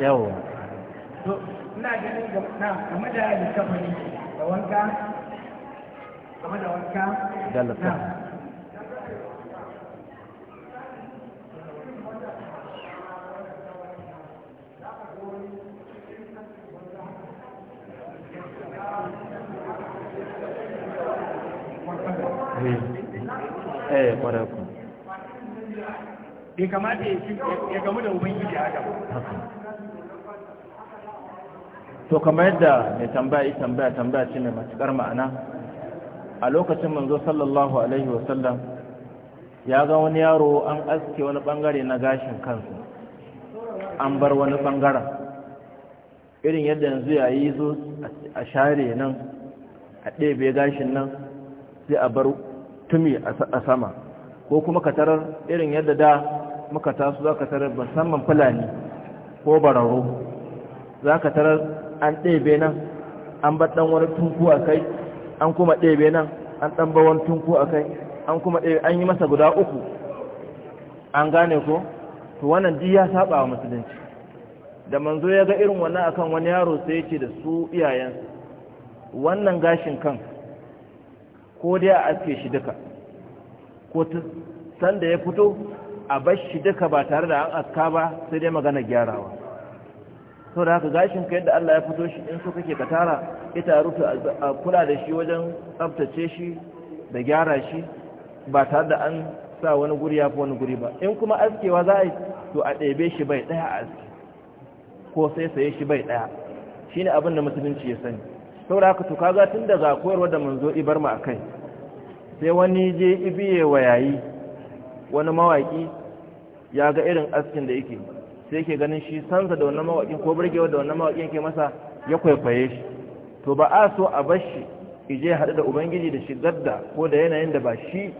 yawo ina ganin game da likafani da wanka game da wanka da likafani bai kamata ya gamu da ubangiji haka to kamar yadda mai tambaya tambaya tambaya ce mai matukar ma'ana a lokacin manzo sallallahu alaihi wasallam ya ga wani yaro an aske wani bangare na gashin kansu, an bar wani bangaren irin yadda yanzu ya yi zo a share nan a ɗebe gashin nan sai a bar tumi a sama ko kuma ka tarar irin yadda da muka taso za ka tarar musamman fulani ko bararo za ka tarar an ɗebe nan an ba ɗan wani tunku a kai an kuma ɗebe nan an ɗan ba wani tunku a kai an kuma ɗebe an yi masa guda uku an gane ko to wannan ji ya saba wa musulunci da manzo ya ga irin wannan akan wani yaro sai yake da su iyayensa wannan gashin kan ko dai a aske shi duka ko sanda ya fito a bashi duka ba tare da an aska ba sai dai magana gyarawa sau da haka gashin ka yadda Allah ya fito shi in so kake ka tara ya taru a kula da shi wajen tsabtace shi da gyara shi ba tare da an sa wani guri ya fi wani guri ba in kuma askewa za a yi to a ɗebe shi bai ɗaya a aski ko sai saye shi bai ɗaya shi ne abin da musulunci ya sani saboda haka to kaga tun daga koyarwa da manzo ibar ma a kai sai wani je ibiye wa yayi wani mawaki ya ga irin askin da yake sai yake ganin shi sansa da wannan mawakin ko burgewa da wannan mawakin yake masa ya kwaikwaye shi to ba a so a bar shi ije haɗu da ubangiji da shigar da ko da yanayin da ba shi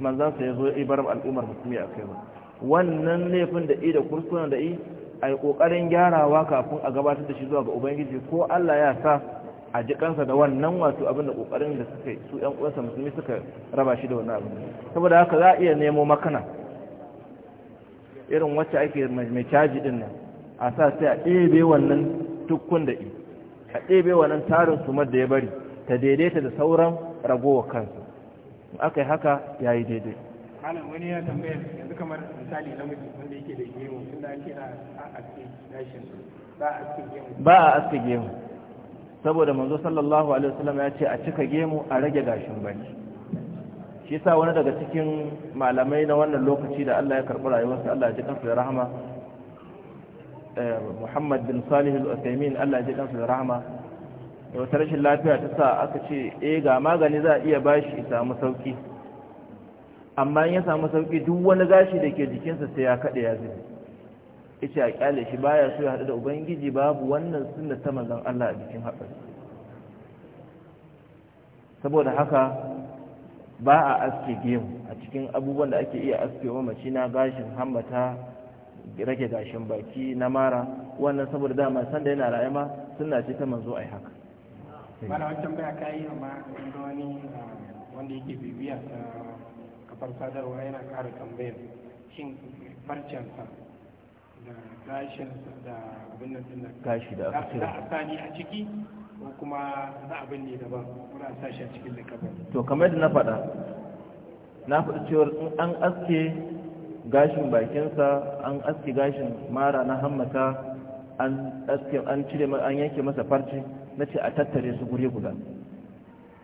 manzansa ya zo ya bar al'ummar musulmi a kai ba wannan laifin da i da kurkunan da i a yi ƙoƙarin gyarawa kafin a gabatar da shi zuwa ga ubangiji ko allah ya sa a ji kansa da wannan wato abin da kokarin da suka su ƴan uwansa musulmi suka raba shi da wannan abin saboda haka za a iya nemo makana irin wacce ake mai caji din nan a sa sai a ɗebe wannan tukkun da a ɗebe wannan tarin su da ya bari ta daidaita da sauran ragowar kansa in aka yi haka ya yi daidai malam wani ya tambaya yanzu kamar misali namiji wanda yake da gemu tunda ake da a aske gashin ba a aske gemu saboda manzo sallallahu alaihi wasallam ya ce a cika gemu a rage gashin baki shi yasa wani daga cikin malamai na wannan lokaci da Allah ya karbi rayuwarsa Allah ya ji kansa da rahama eh, Muhammad bin Salih al-Uthaymeen Allah ya ji kansa da rahama da wata rashin lafiya ta sa aka ce eh ga magani za a iya bashi ya samu sauki amma in ya samu sauki duk wani gashi da ke jikinsa sai ya kaɗe ya zube ita a kyale shi baya so ya hadu da ubangiji babu wannan sunna ta manzon Allah a cikin hakan saboda haka ba a aske gemu a cikin abubuwan da ake iya askewa mace na gashin hammata rage gashin baki na mara wannan saboda dama sanda yana rayuwa suna ce ta manzo ai haka mana wancan baya kayi amma da wani ah, wanda yake bibiya ta kafar sadarwa yana kara tambayar shin sa. Da gashi da aka cire sani a ciki ko kuma na abin ne daban muna sashi a cikin likafin to kamar yadda na faɗa na faɗi cewar in an aske gashin bakinsa an aske gashin mara na hammata an aske an cire an yanke masa farce na ce a tattare su guri guda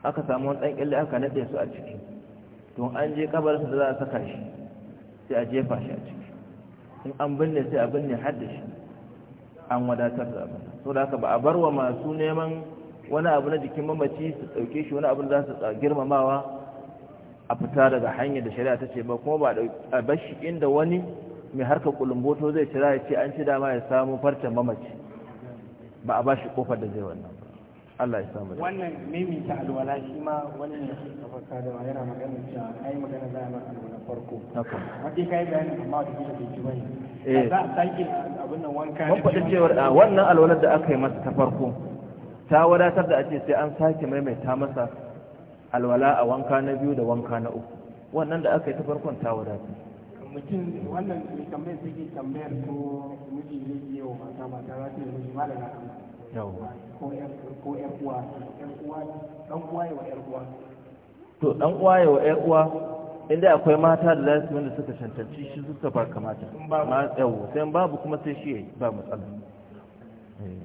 aka samu wani ɗan ƙyalle aka naɗe su a ciki to an je kabarinsa da za a saka shi sai a jefa shi a ciki in an binne sai a binne hadda shi an wadatar da abin so da haka ba a bar wa masu neman wani abu na jikin mamaci su ɗauke shi wani abun za su girmamawa a fita daga hanyar da shari'a ta ce ba kuma ba a bar shi inda wani mai harkar kulumboto zai shirya ya ce an ci dama ya samu farcen mamaci ba a ba shi kofar da zai wannan Allah ya samu wannan maimaita alwala shi ma wani ne ka farka da yana magana cewa kai magana za a bar alwala farko haka wanda kai bayani amma wata kila bai ji bane eh za a sake abin nan wanka mun faɗi cewa wannan alwalar da aka yi masa ta farko ta wadatar da ake sai an sake maimaita masa alwala a wanka na biyu da wanka na uku wannan da aka yi ta farkon ta wadatar mutum wannan mai tambayar suke tambayar ko miji zai yi wa mata mata za ta yi miji malama ko uwa to dan uwa ya wa ƴan uwa inda akwai mata da lasu wanda suka shantarci shi suka ba kamata ma yawo sai babu kuma sai shi yayi ba matsala eh.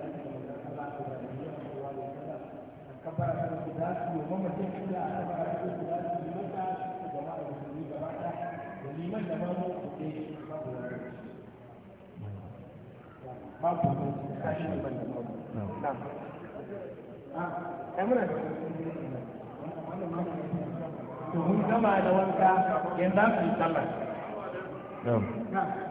guda biyu a kowa da kada a da wanka yanzu za su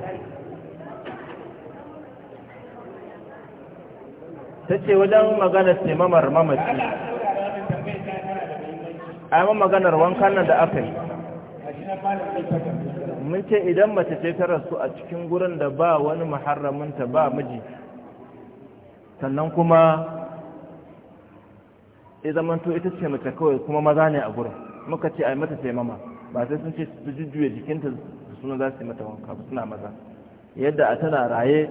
ta ce wajen maganar taimamar mamaci a yi maganar wankan nan da aka yi mun ce idan mace ce ta rasu a cikin gurin da ba wani maharraminta ba miji sannan kuma ya zamanto ita ce mace kawai kuma maza ne a gurin muka ce a yi mata taimama ba sai sun ce su jujjuya jikinta suna za su yi mata wanka ba suna maza yadda a tana raye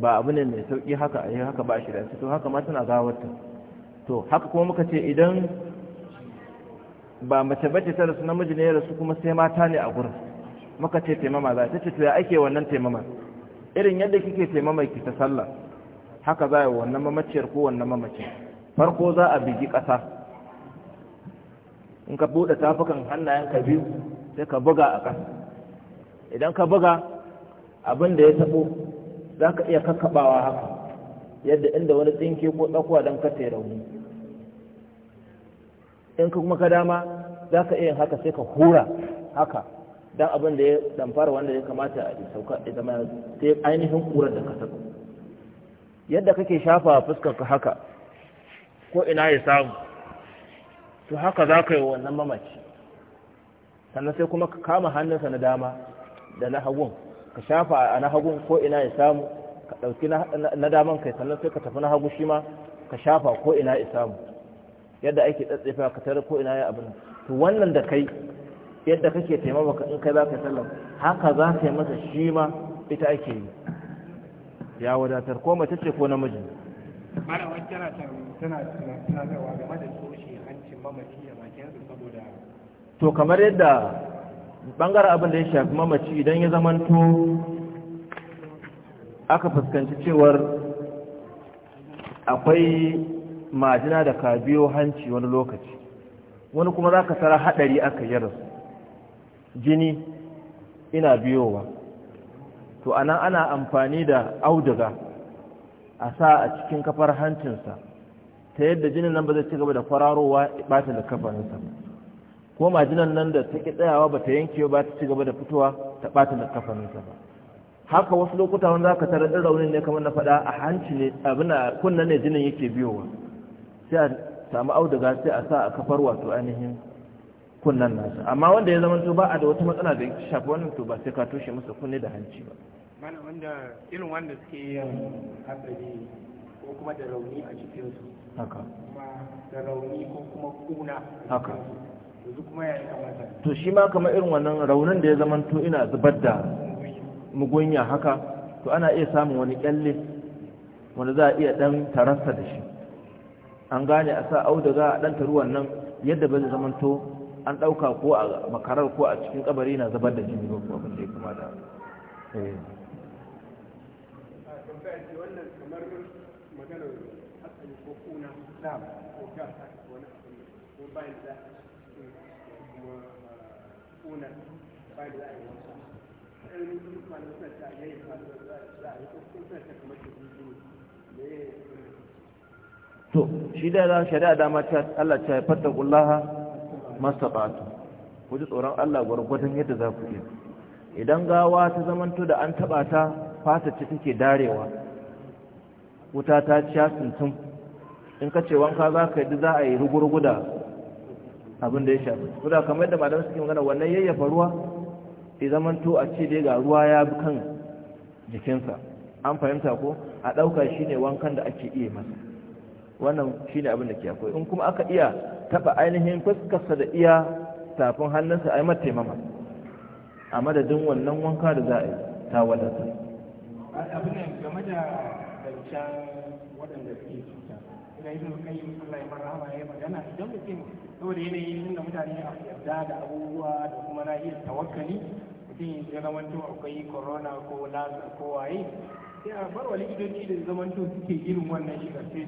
ba abu ne mai sauƙi haka a yi haka ba shi da to haka ma suna gawarta to haka kuma muka ce idan ba mace bace ta rasu namiji ne ya rasu kuma sai mata ne a gurin muka ce taimama za ta ce to ya ake wannan taimama irin yadda kike taimama ki ta sallah haka za a wannan mamaciyar ko wannan mamaci farko za a bigi ƙasa in ka buɗe tafukan hannayen ka biyu sai ka buga a ƙasa idan ka buga abin da ya taɓo za ka iya kakkaɓawa haka yadda inda wani tsinke ko ɗakuwa don ka tere rauni in kuma ka dama za ka iya haka sai ka hura haka don abin da ya damfara wanda ya kamata a sauka da zama sai ainihin kurar da ka saka yadda kake shafa fuskar ka haka ko ina ya samu to haka za ka yi wannan mamaci sannan sai kuma ka kama hannunsa na dama da na hagun ka shafa a na hagun ko ina ya samu ka ɗauki na daman kai sannan sai ka tafi na hagu shi ma ka shafa ko ina ya samu yadda ake tsatsefa ka tare ko ina ya abin to wannan da kai yadda kake taimaka in kai za ka sallam haka za ka yi masa shi ma ita ake yi ya wadatar ko mace ce ko namiji mara wacce tana tana tana game da toshe hancin mamaci da bakin saboda to kamar yadda bangaren abin da ya shafi mamaci idan ya zamanto aka fuskanci cewar akwai majina da ka biyo hanci wani lokaci wani kuma za ka tara haɗari aka yi rasu jini ina biyowa to anan ana amfani da auduga a sa a cikin kafar hancinsa ta yadda jinin nan ba zai ci gaba da kwararowa bata da kafarinsa ba ko majinan nan da take tsayawa ba ta yanke ba ta ci gaba da fitowa ta ɓata da kafaninsa ba haka wasu lokuta wanda aka tara ɗin raunin ne kamar na faɗa a hanci ne abin a kunna ne jinin yake biyowa sai a samu auduga sai a sa a kafar wato ainihin kunnan nasa amma wanda ya to ba a da wata matsala da ya shafi wannan to ba sai ka toshe masa kunne da hanci ba mana wanda irin wanda suke yin hatsari ko kuma da rauni a cikinsu haka kuma da rauni ko kuma kuna haka to shi ma kamar irin wannan raunin da ya zamanta ina zubar da mugunya haka to ana iya samun wani kyalle wanda za a iya dan tarasta da shi an gane a sa auduga a dan taru wannan yadda ba zai to an dauka ko a makarar ko a cikin kabari na zubar da jini ko abin da ya kuma da kunan bayan da za a yi wasa ɗan suna ta za a yi kuma suna ta kamar da ne to shi da za shari'a dama ta Allah ta fatta kullaha mastabatu ku ji tsoron Allah gwargwadon yadda za ku yi idan gawa ta zamanto da an taba ta fata ce take darewa wuta ta ciya tuntun in ka ce wanka za ka yi za a yi rugurguda. abin da ya shafi da kamar yadda malamai suke magana wannan yayyafa ruwa ya zaman to a ce dai ga ruwa ya bi kan jikinsa an fahimta ko a ɗauka shine wankan da ake iya masa wannan shine abin da ke akwai in kuma aka iya taɓa ainihin fuskarsa da iya tafin hannunsa a yi mata taimama a madadin wannan wanka da za a yi ta wadata abin game da zancen waɗanda suke da ibn qayyim Allah ya marhama ya magana idan mutum saboda yanayin inda mutane a yarda da abubuwa da kuma na iya tawakkali mutum ya zamanto akwai corona ko lasa ko waye sai a bar wa likitoci da zamanto suke irin wannan shigar sai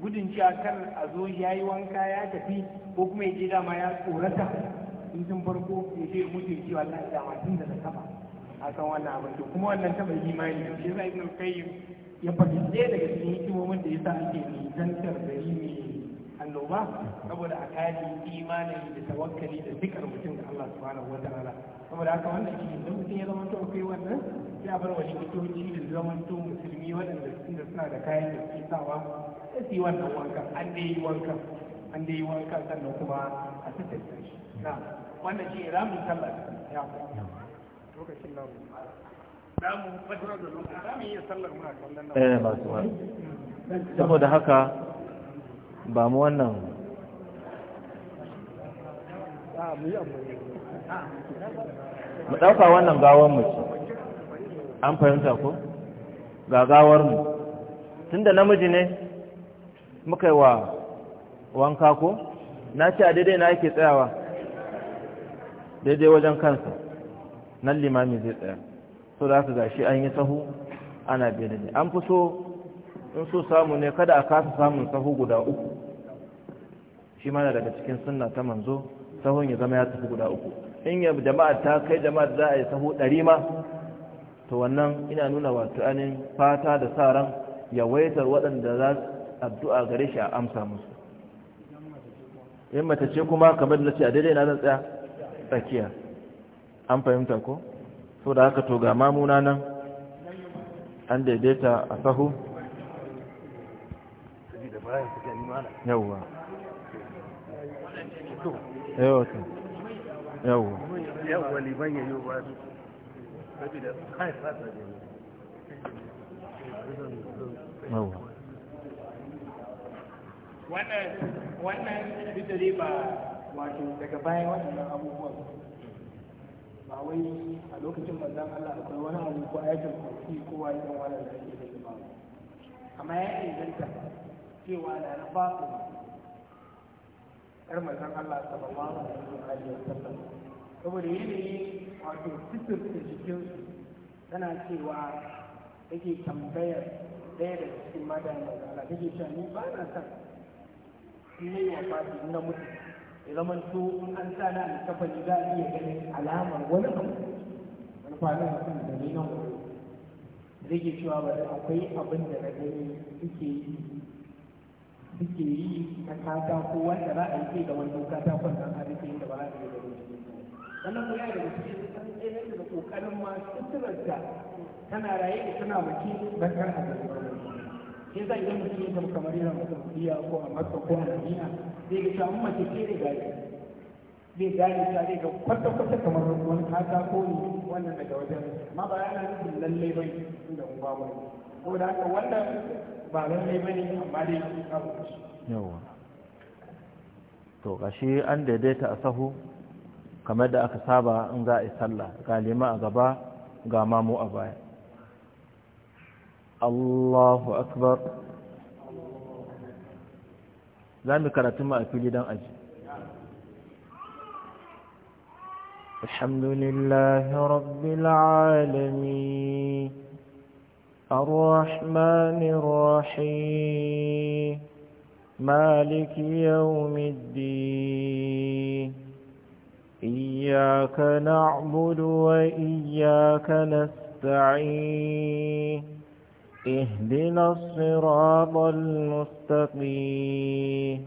gudun cewa kar a zo ya yi wanka ya tafi ko kuma ya je dama ya tsorata in tun farko ya ce mutu ya ce wallahi dama tun da na taba akan wannan abin to kuma wannan taba imani shi yasa ibn qayyim ya faɗi ɗaya daga cikin hikimomin da ya sa ake da gari mai annoba saboda a kare imanin da tawakkali da sikar mutum da Allah subhanahu ta'ala saboda haka wannan shi da mutum ya zama to akwai wannan sai a bar wani likitoci da zama to musulmi waɗanda da suna da kayan da suke sawa sai su yi wannan wankan an dai yi wankan an dai yi wankan sannan kuma a tattace shi na wannan shi ramin sallah ya lokacin nan eh masu saboda haka ba mu wannan mu ɗauka wannan gawar mu ce an fahimta ko ga gawar mu tun da namiji ne muka yi wa wanka ko na ce a daidai na yake tsayawa daidai wajen kansa nan limami zai tsaya so da su gashi an yi sahu ana biyar ne an fi so in so samu ne kada a kasa samun sahu guda uku shi mana daga cikin suna ta manzo sahun ya zama ya tafi guda uku in ya jama'a ta kai jama'a za a yi sahu ɗari ma to wannan ina nuna wato anin fata da sa ran yawaitar waɗanda za addu'a gare shi a amsa musu in mace ce kuma kamar da ce a daidai na zan tsaya tsakiya an fahimta ko so da haka to ga mamuna nan an daidaita a sahu yawwa yawwa yawwa yawwa liban yayo ba su saboda kai fata ne yawwa wannan wannan bidare ba wato daga bayan wannan abubuwan ba wai a lokacin manzan Allah akwai wani abu ko ayatul kursi ko wani dan wani da yake da ba amma ya inganta cewa da na fatima yar manzan Allah sallallahu alaihi wa sallam saboda yanayi wato fitur da jikin tana cewa take tambayar ɗaya da cikin madan manzan Allah take cewa ni ba na san in ne wa fatima na mutu ya to in an sa na alkafani za a iya ganin alamar wani abu wani kwanan mutum da ni nan rage cewa ba da akwai abin da na gani suke yi suke yi na katako wanda za a yi kai da wannan katakon nan a rufe da ba za a yi da Wani wannan kuma yana da cikin san tsaye da kokarin ma suturar da tana raye da tana mace bakar a gaba shi yasa idan mutum ya kamar yana masa biya ko a makka ko a madina zai ga samun mace ke da gari zai gari ta zai ga kwata-kwata kamar wani ko ne wannan daga wajen amma ba yana nufin lallai ba ne inda kun ba wani ko da haka wannan ba lallai ba ne amma dai babu shi yawa to gashi an daidaita a sahu kamar da aka saba in za a yi sallah ga lima a gaba ga mamu a baya الله أكبر za mu ما ma دان أجل الحمد لله رب العالمين الرحمن الرحيم مالك يوم الدين إياك نعبد وإياك نستعين اهدنا الصراط المستقيم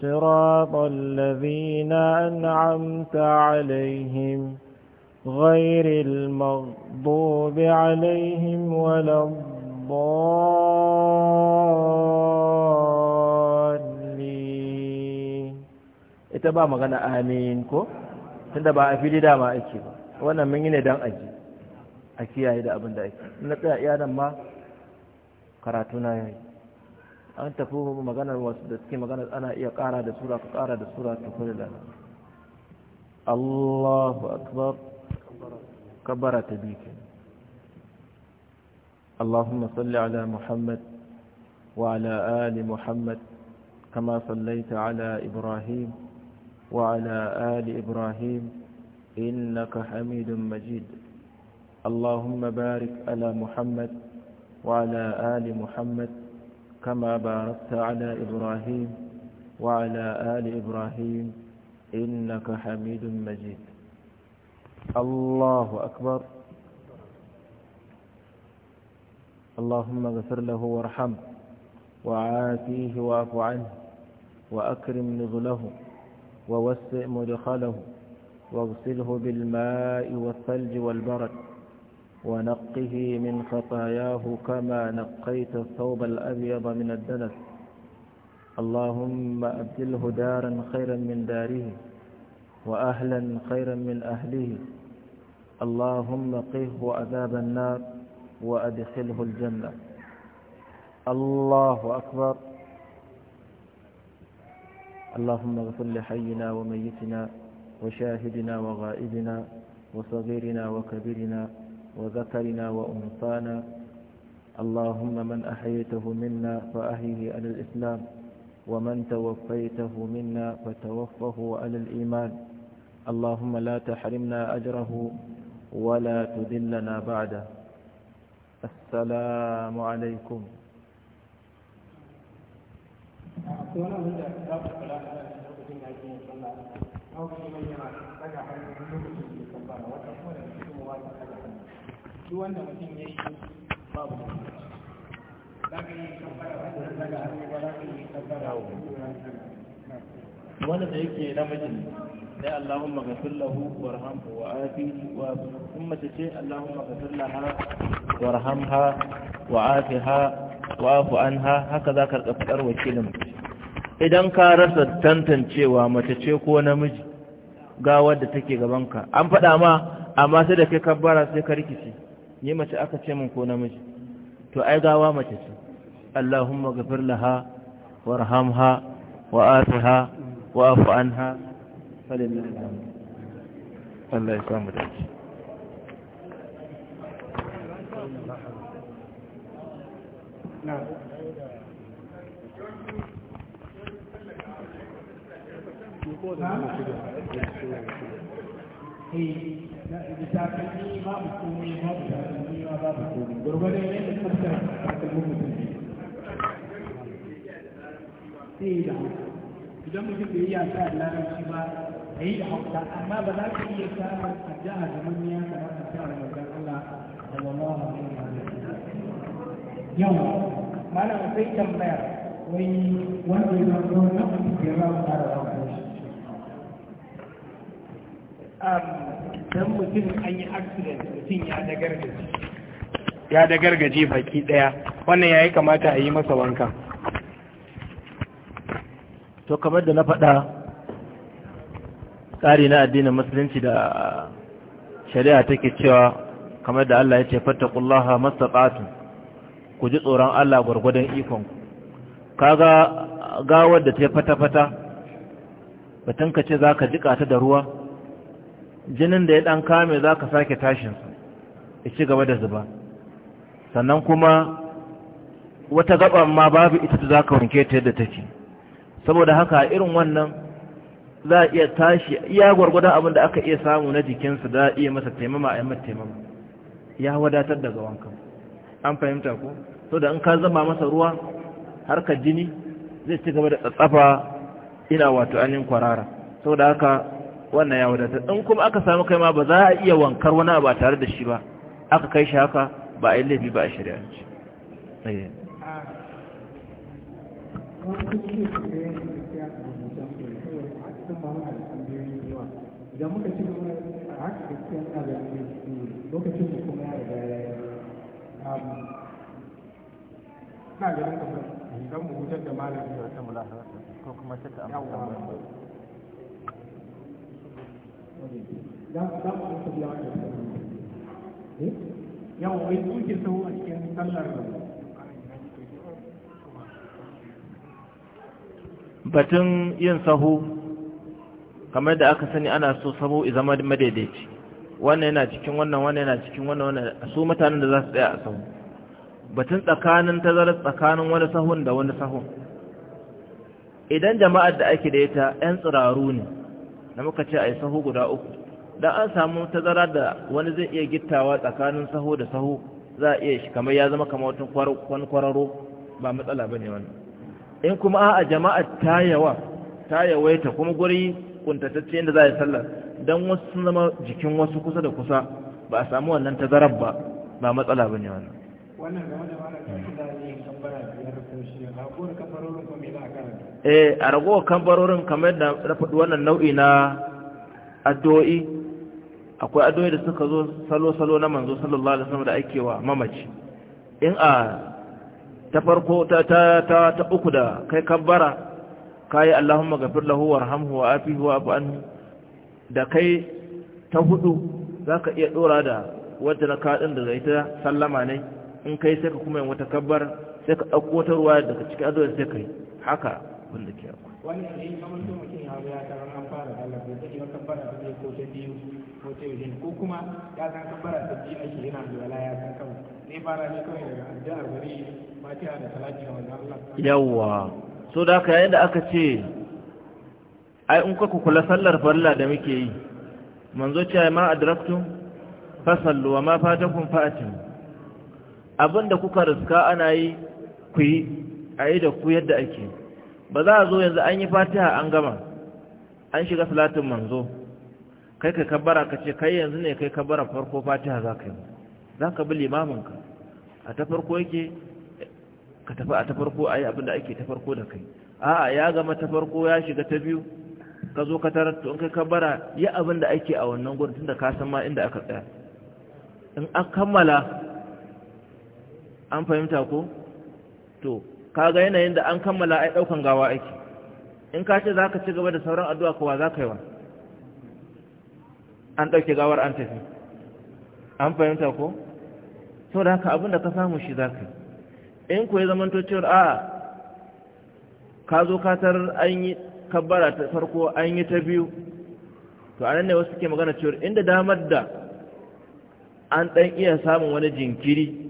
صراط الذين أنعمت عليهم غير المغضوب عليهم ولا الضالين اتبع ما magana amin ko tunda ba a وانا من ake ba wannan a kiyaye da abin da ake na tsaya iya nan ma karatu na yayi an tafi maganar wasu da suke maganar ana iya ƙara da sura ka ƙara da sura ta kula da Allahu akbar kabbara ta bi ke Allahumma salli ala Muhammad wa ala ali Muhammad kama sallaita ala Ibrahim wa ala ali Ibrahim innaka Hamidum Majid اللهم بارك على محمد وعلى آل محمد كما باركت على إبراهيم وعلى آل إبراهيم إنك حميد مجيد الله أكبر اللهم اغفر له وارحمه وعافيه واعف عنه وأكرم نزله ووسع مدخله واغسله بالماء والثلج والبرد ونقه من خطاياه كما نقيت الثوب الأبيض من الدنس اللهم أبدله دارا خيرا من داره وأهلا خيرا من أهله اللهم قه عذاب النار وأدخله الجنة الله أكبر اللهم اغفر لحينا وميتنا وشاهدنا وغائبنا وصغيرنا وكبيرنا وذكرنا وأنثانا اللهم من أحييته منا فأحيه على الإسلام ومن توفيته منا فتوفه على الإيمان اللهم لا تحرمنا أجره ولا تذلنا بعده السلام عليكم wanda mutum ya yi babu da wanda da yake namijin Allahumma gafir lahu warhamhu wa afi wa kuma ta ce Allahumma gafir laha warhamha wa afiha wa afu anha haka za ka karɓar wakilin idan ka rasa tantancewa mace ce ko namiji ga wadda take gabanka an faɗa ma amma sai da kai kabbara sai ka rikice ni mace aka ce min ko namiji to ai gawa mace ce Allahumma ghafir laha warhamha wa afiha wa afu anha Allah ya samu shi Thank you. takalmi babu komai babu takalmi ma babu komai gwargwadon yadda tsaftar takalmin mutum ne sai da hausa idan mutum bai iya sa larabci ba a yi da hausa amma ba za ka iya samun addu'a da manniya kamar a sa ramadan Allah sallallahu alaihi wa sallam yawa malam sai tambaya wai wanda ya zo na mutum ya ba mu fara rawa shi dan mutum an yi accident mutum ya gargaji ya gargaji baki daya wannan yi kamata a yi masa wanka to kamar da na faɗa tsari na addinin musulunci da shari'a take cewa kamar da Allah ya ce fattaqullaha mastaqatu ku ji tsoron Allah gwargwadon ikon kaga gawar da ta fata fata batun ka ce zaka jika ta da ruwa jinin da ya ɗan kame za ka sake tashin ya ci gaba da zuba sannan kuma wata gaba ma babu ita za ka wanke ta yadda take saboda haka irin wannan za a iya tashi iya gwargwadon abin da aka iya samu na jikinsu za a iya masa taimama a yi mataimama taimama ya wadatar daga wankan an fahimta ku? so da in ka zama masa ruwa harkar jini zai ci gaba da tsatsafa ina wato anin kwarara saboda haka wannan ya wadata in kuma aka samu kai ma ba za a iya wankar wani ba tare da shi ba aka kai shi haka ba a yi laifi ba a shari'a eh. idan a haka kuma ya ganin kamar mu hujjar da malamin da wata mulahar ko kuma ta ta amfani Eh? batun yin sahu kamar da aka sani ana so sahu i zama madaidaici wannan yana cikin wannan wannan yana cikin wannan wannan su mutanen da za su tsaya a sahu batun tsakanin tazarar tsakanin wani sahun da wani sahun idan jama'ar da ake da ita 'yan tsiraru ne da muka ce a yi sahu guda uku don an samu tazara da wani zai iya gittawa tsakanin sahu da sahu za a iya shi kamar ya zama kamar wani kwararo ba matsala ba ne wannan in kuma a jama'ar ta yawaita kuma guri kuntatacce yadda za a yi sallar don wasu sun zama jikin wasu kusa da kusa ba a samu wannan tazarar ba ba matsala ba ne wannan eh a kan kambarorin kamar da na faɗi wannan nau'i na addu'o'i akwai addu'o'i da suka zo salo-salo na manzo sallallahu alaihi wasallam da ake wa mamaci in a ta farko ta ta ta, ta uku da kai kabbara kai Allahumma ghafir lahu warhamhu wa afihi wa afu anhu da kai ta hudu zaka iya dora da wanda na kadin da zai ta sallama ne in kai sai ka kuma yin wata kabbar sai ka dauko ta ruwa daga cikin addu'a sai kai haka abin da ke akwai wani ne in kamar so mutum ya ya ta ran fara sallah bai sani wata bara ta ko ta biyu ko ta biyu ko kuma ya san kan bara ta biyu ake yana da wala ya san kawai ne fara ne kawai daga addu'ar gari fatiha da salati a wannan Allah yawwa so da haka yayin da aka ce ai in kuka kula sallar farilla da muke yi manzo ce ma adraktum fasallu wa ma fatakum fa'atim abinda kuka riska ana yi ku yi a yi da ku yadda ake ba za a zo yanzu an yi fatiha an gama an shiga salatin manzo kai ka kabbara ka ce kai yanzu ne kai kabbara farko fatiha za ka yi za ka bi limaminka a ta farko yake ka tafi a ta farko a yi abin da ake ta farko da kai a'a ya gama ta farko ya shiga ta biyu ka zo ka tarar to in kai kabbara yi abin da ake a wannan gurin tunda ka san ma inda aka tsaya in an kammala an fahimta ko to kaga yanayin da an kammala a ɗaukan gawa ake in ka ce ka ci gaba da sauran addu'a kowa za ka yi wa an ɗauke gawar an tafi an fahimta ko Sau da haka abinda ka samu shi ka yi in ku yi zamanto cewar a ka zo katar an yi kabbara ta farko an yi ta biyu to anan ne wasu ke magana cewar inda damar da an ɗan iya samun wani jinkiri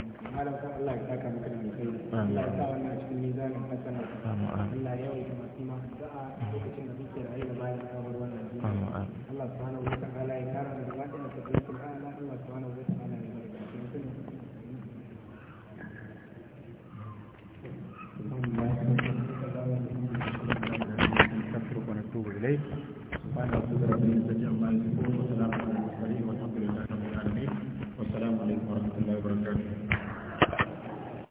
malam kan Allah ya saka maka da alkhairi Allah ya sa wannan cikin mizanin hasana Allah ya yi masu ma da'a lokacin da suke rayu da bayan kabar wannan jini Allah subhanahu wa ta'ala ya kara da gaba ɗaya da kai Qur'ana Allah subhanahu wa ta'ala ya barkace su ونتوب إليه سبحان ربك رب العزة عما يصفون وسلام على المرسلين والحمد لله رب العالمين والسلام عليكم ورحمة الله وبركاته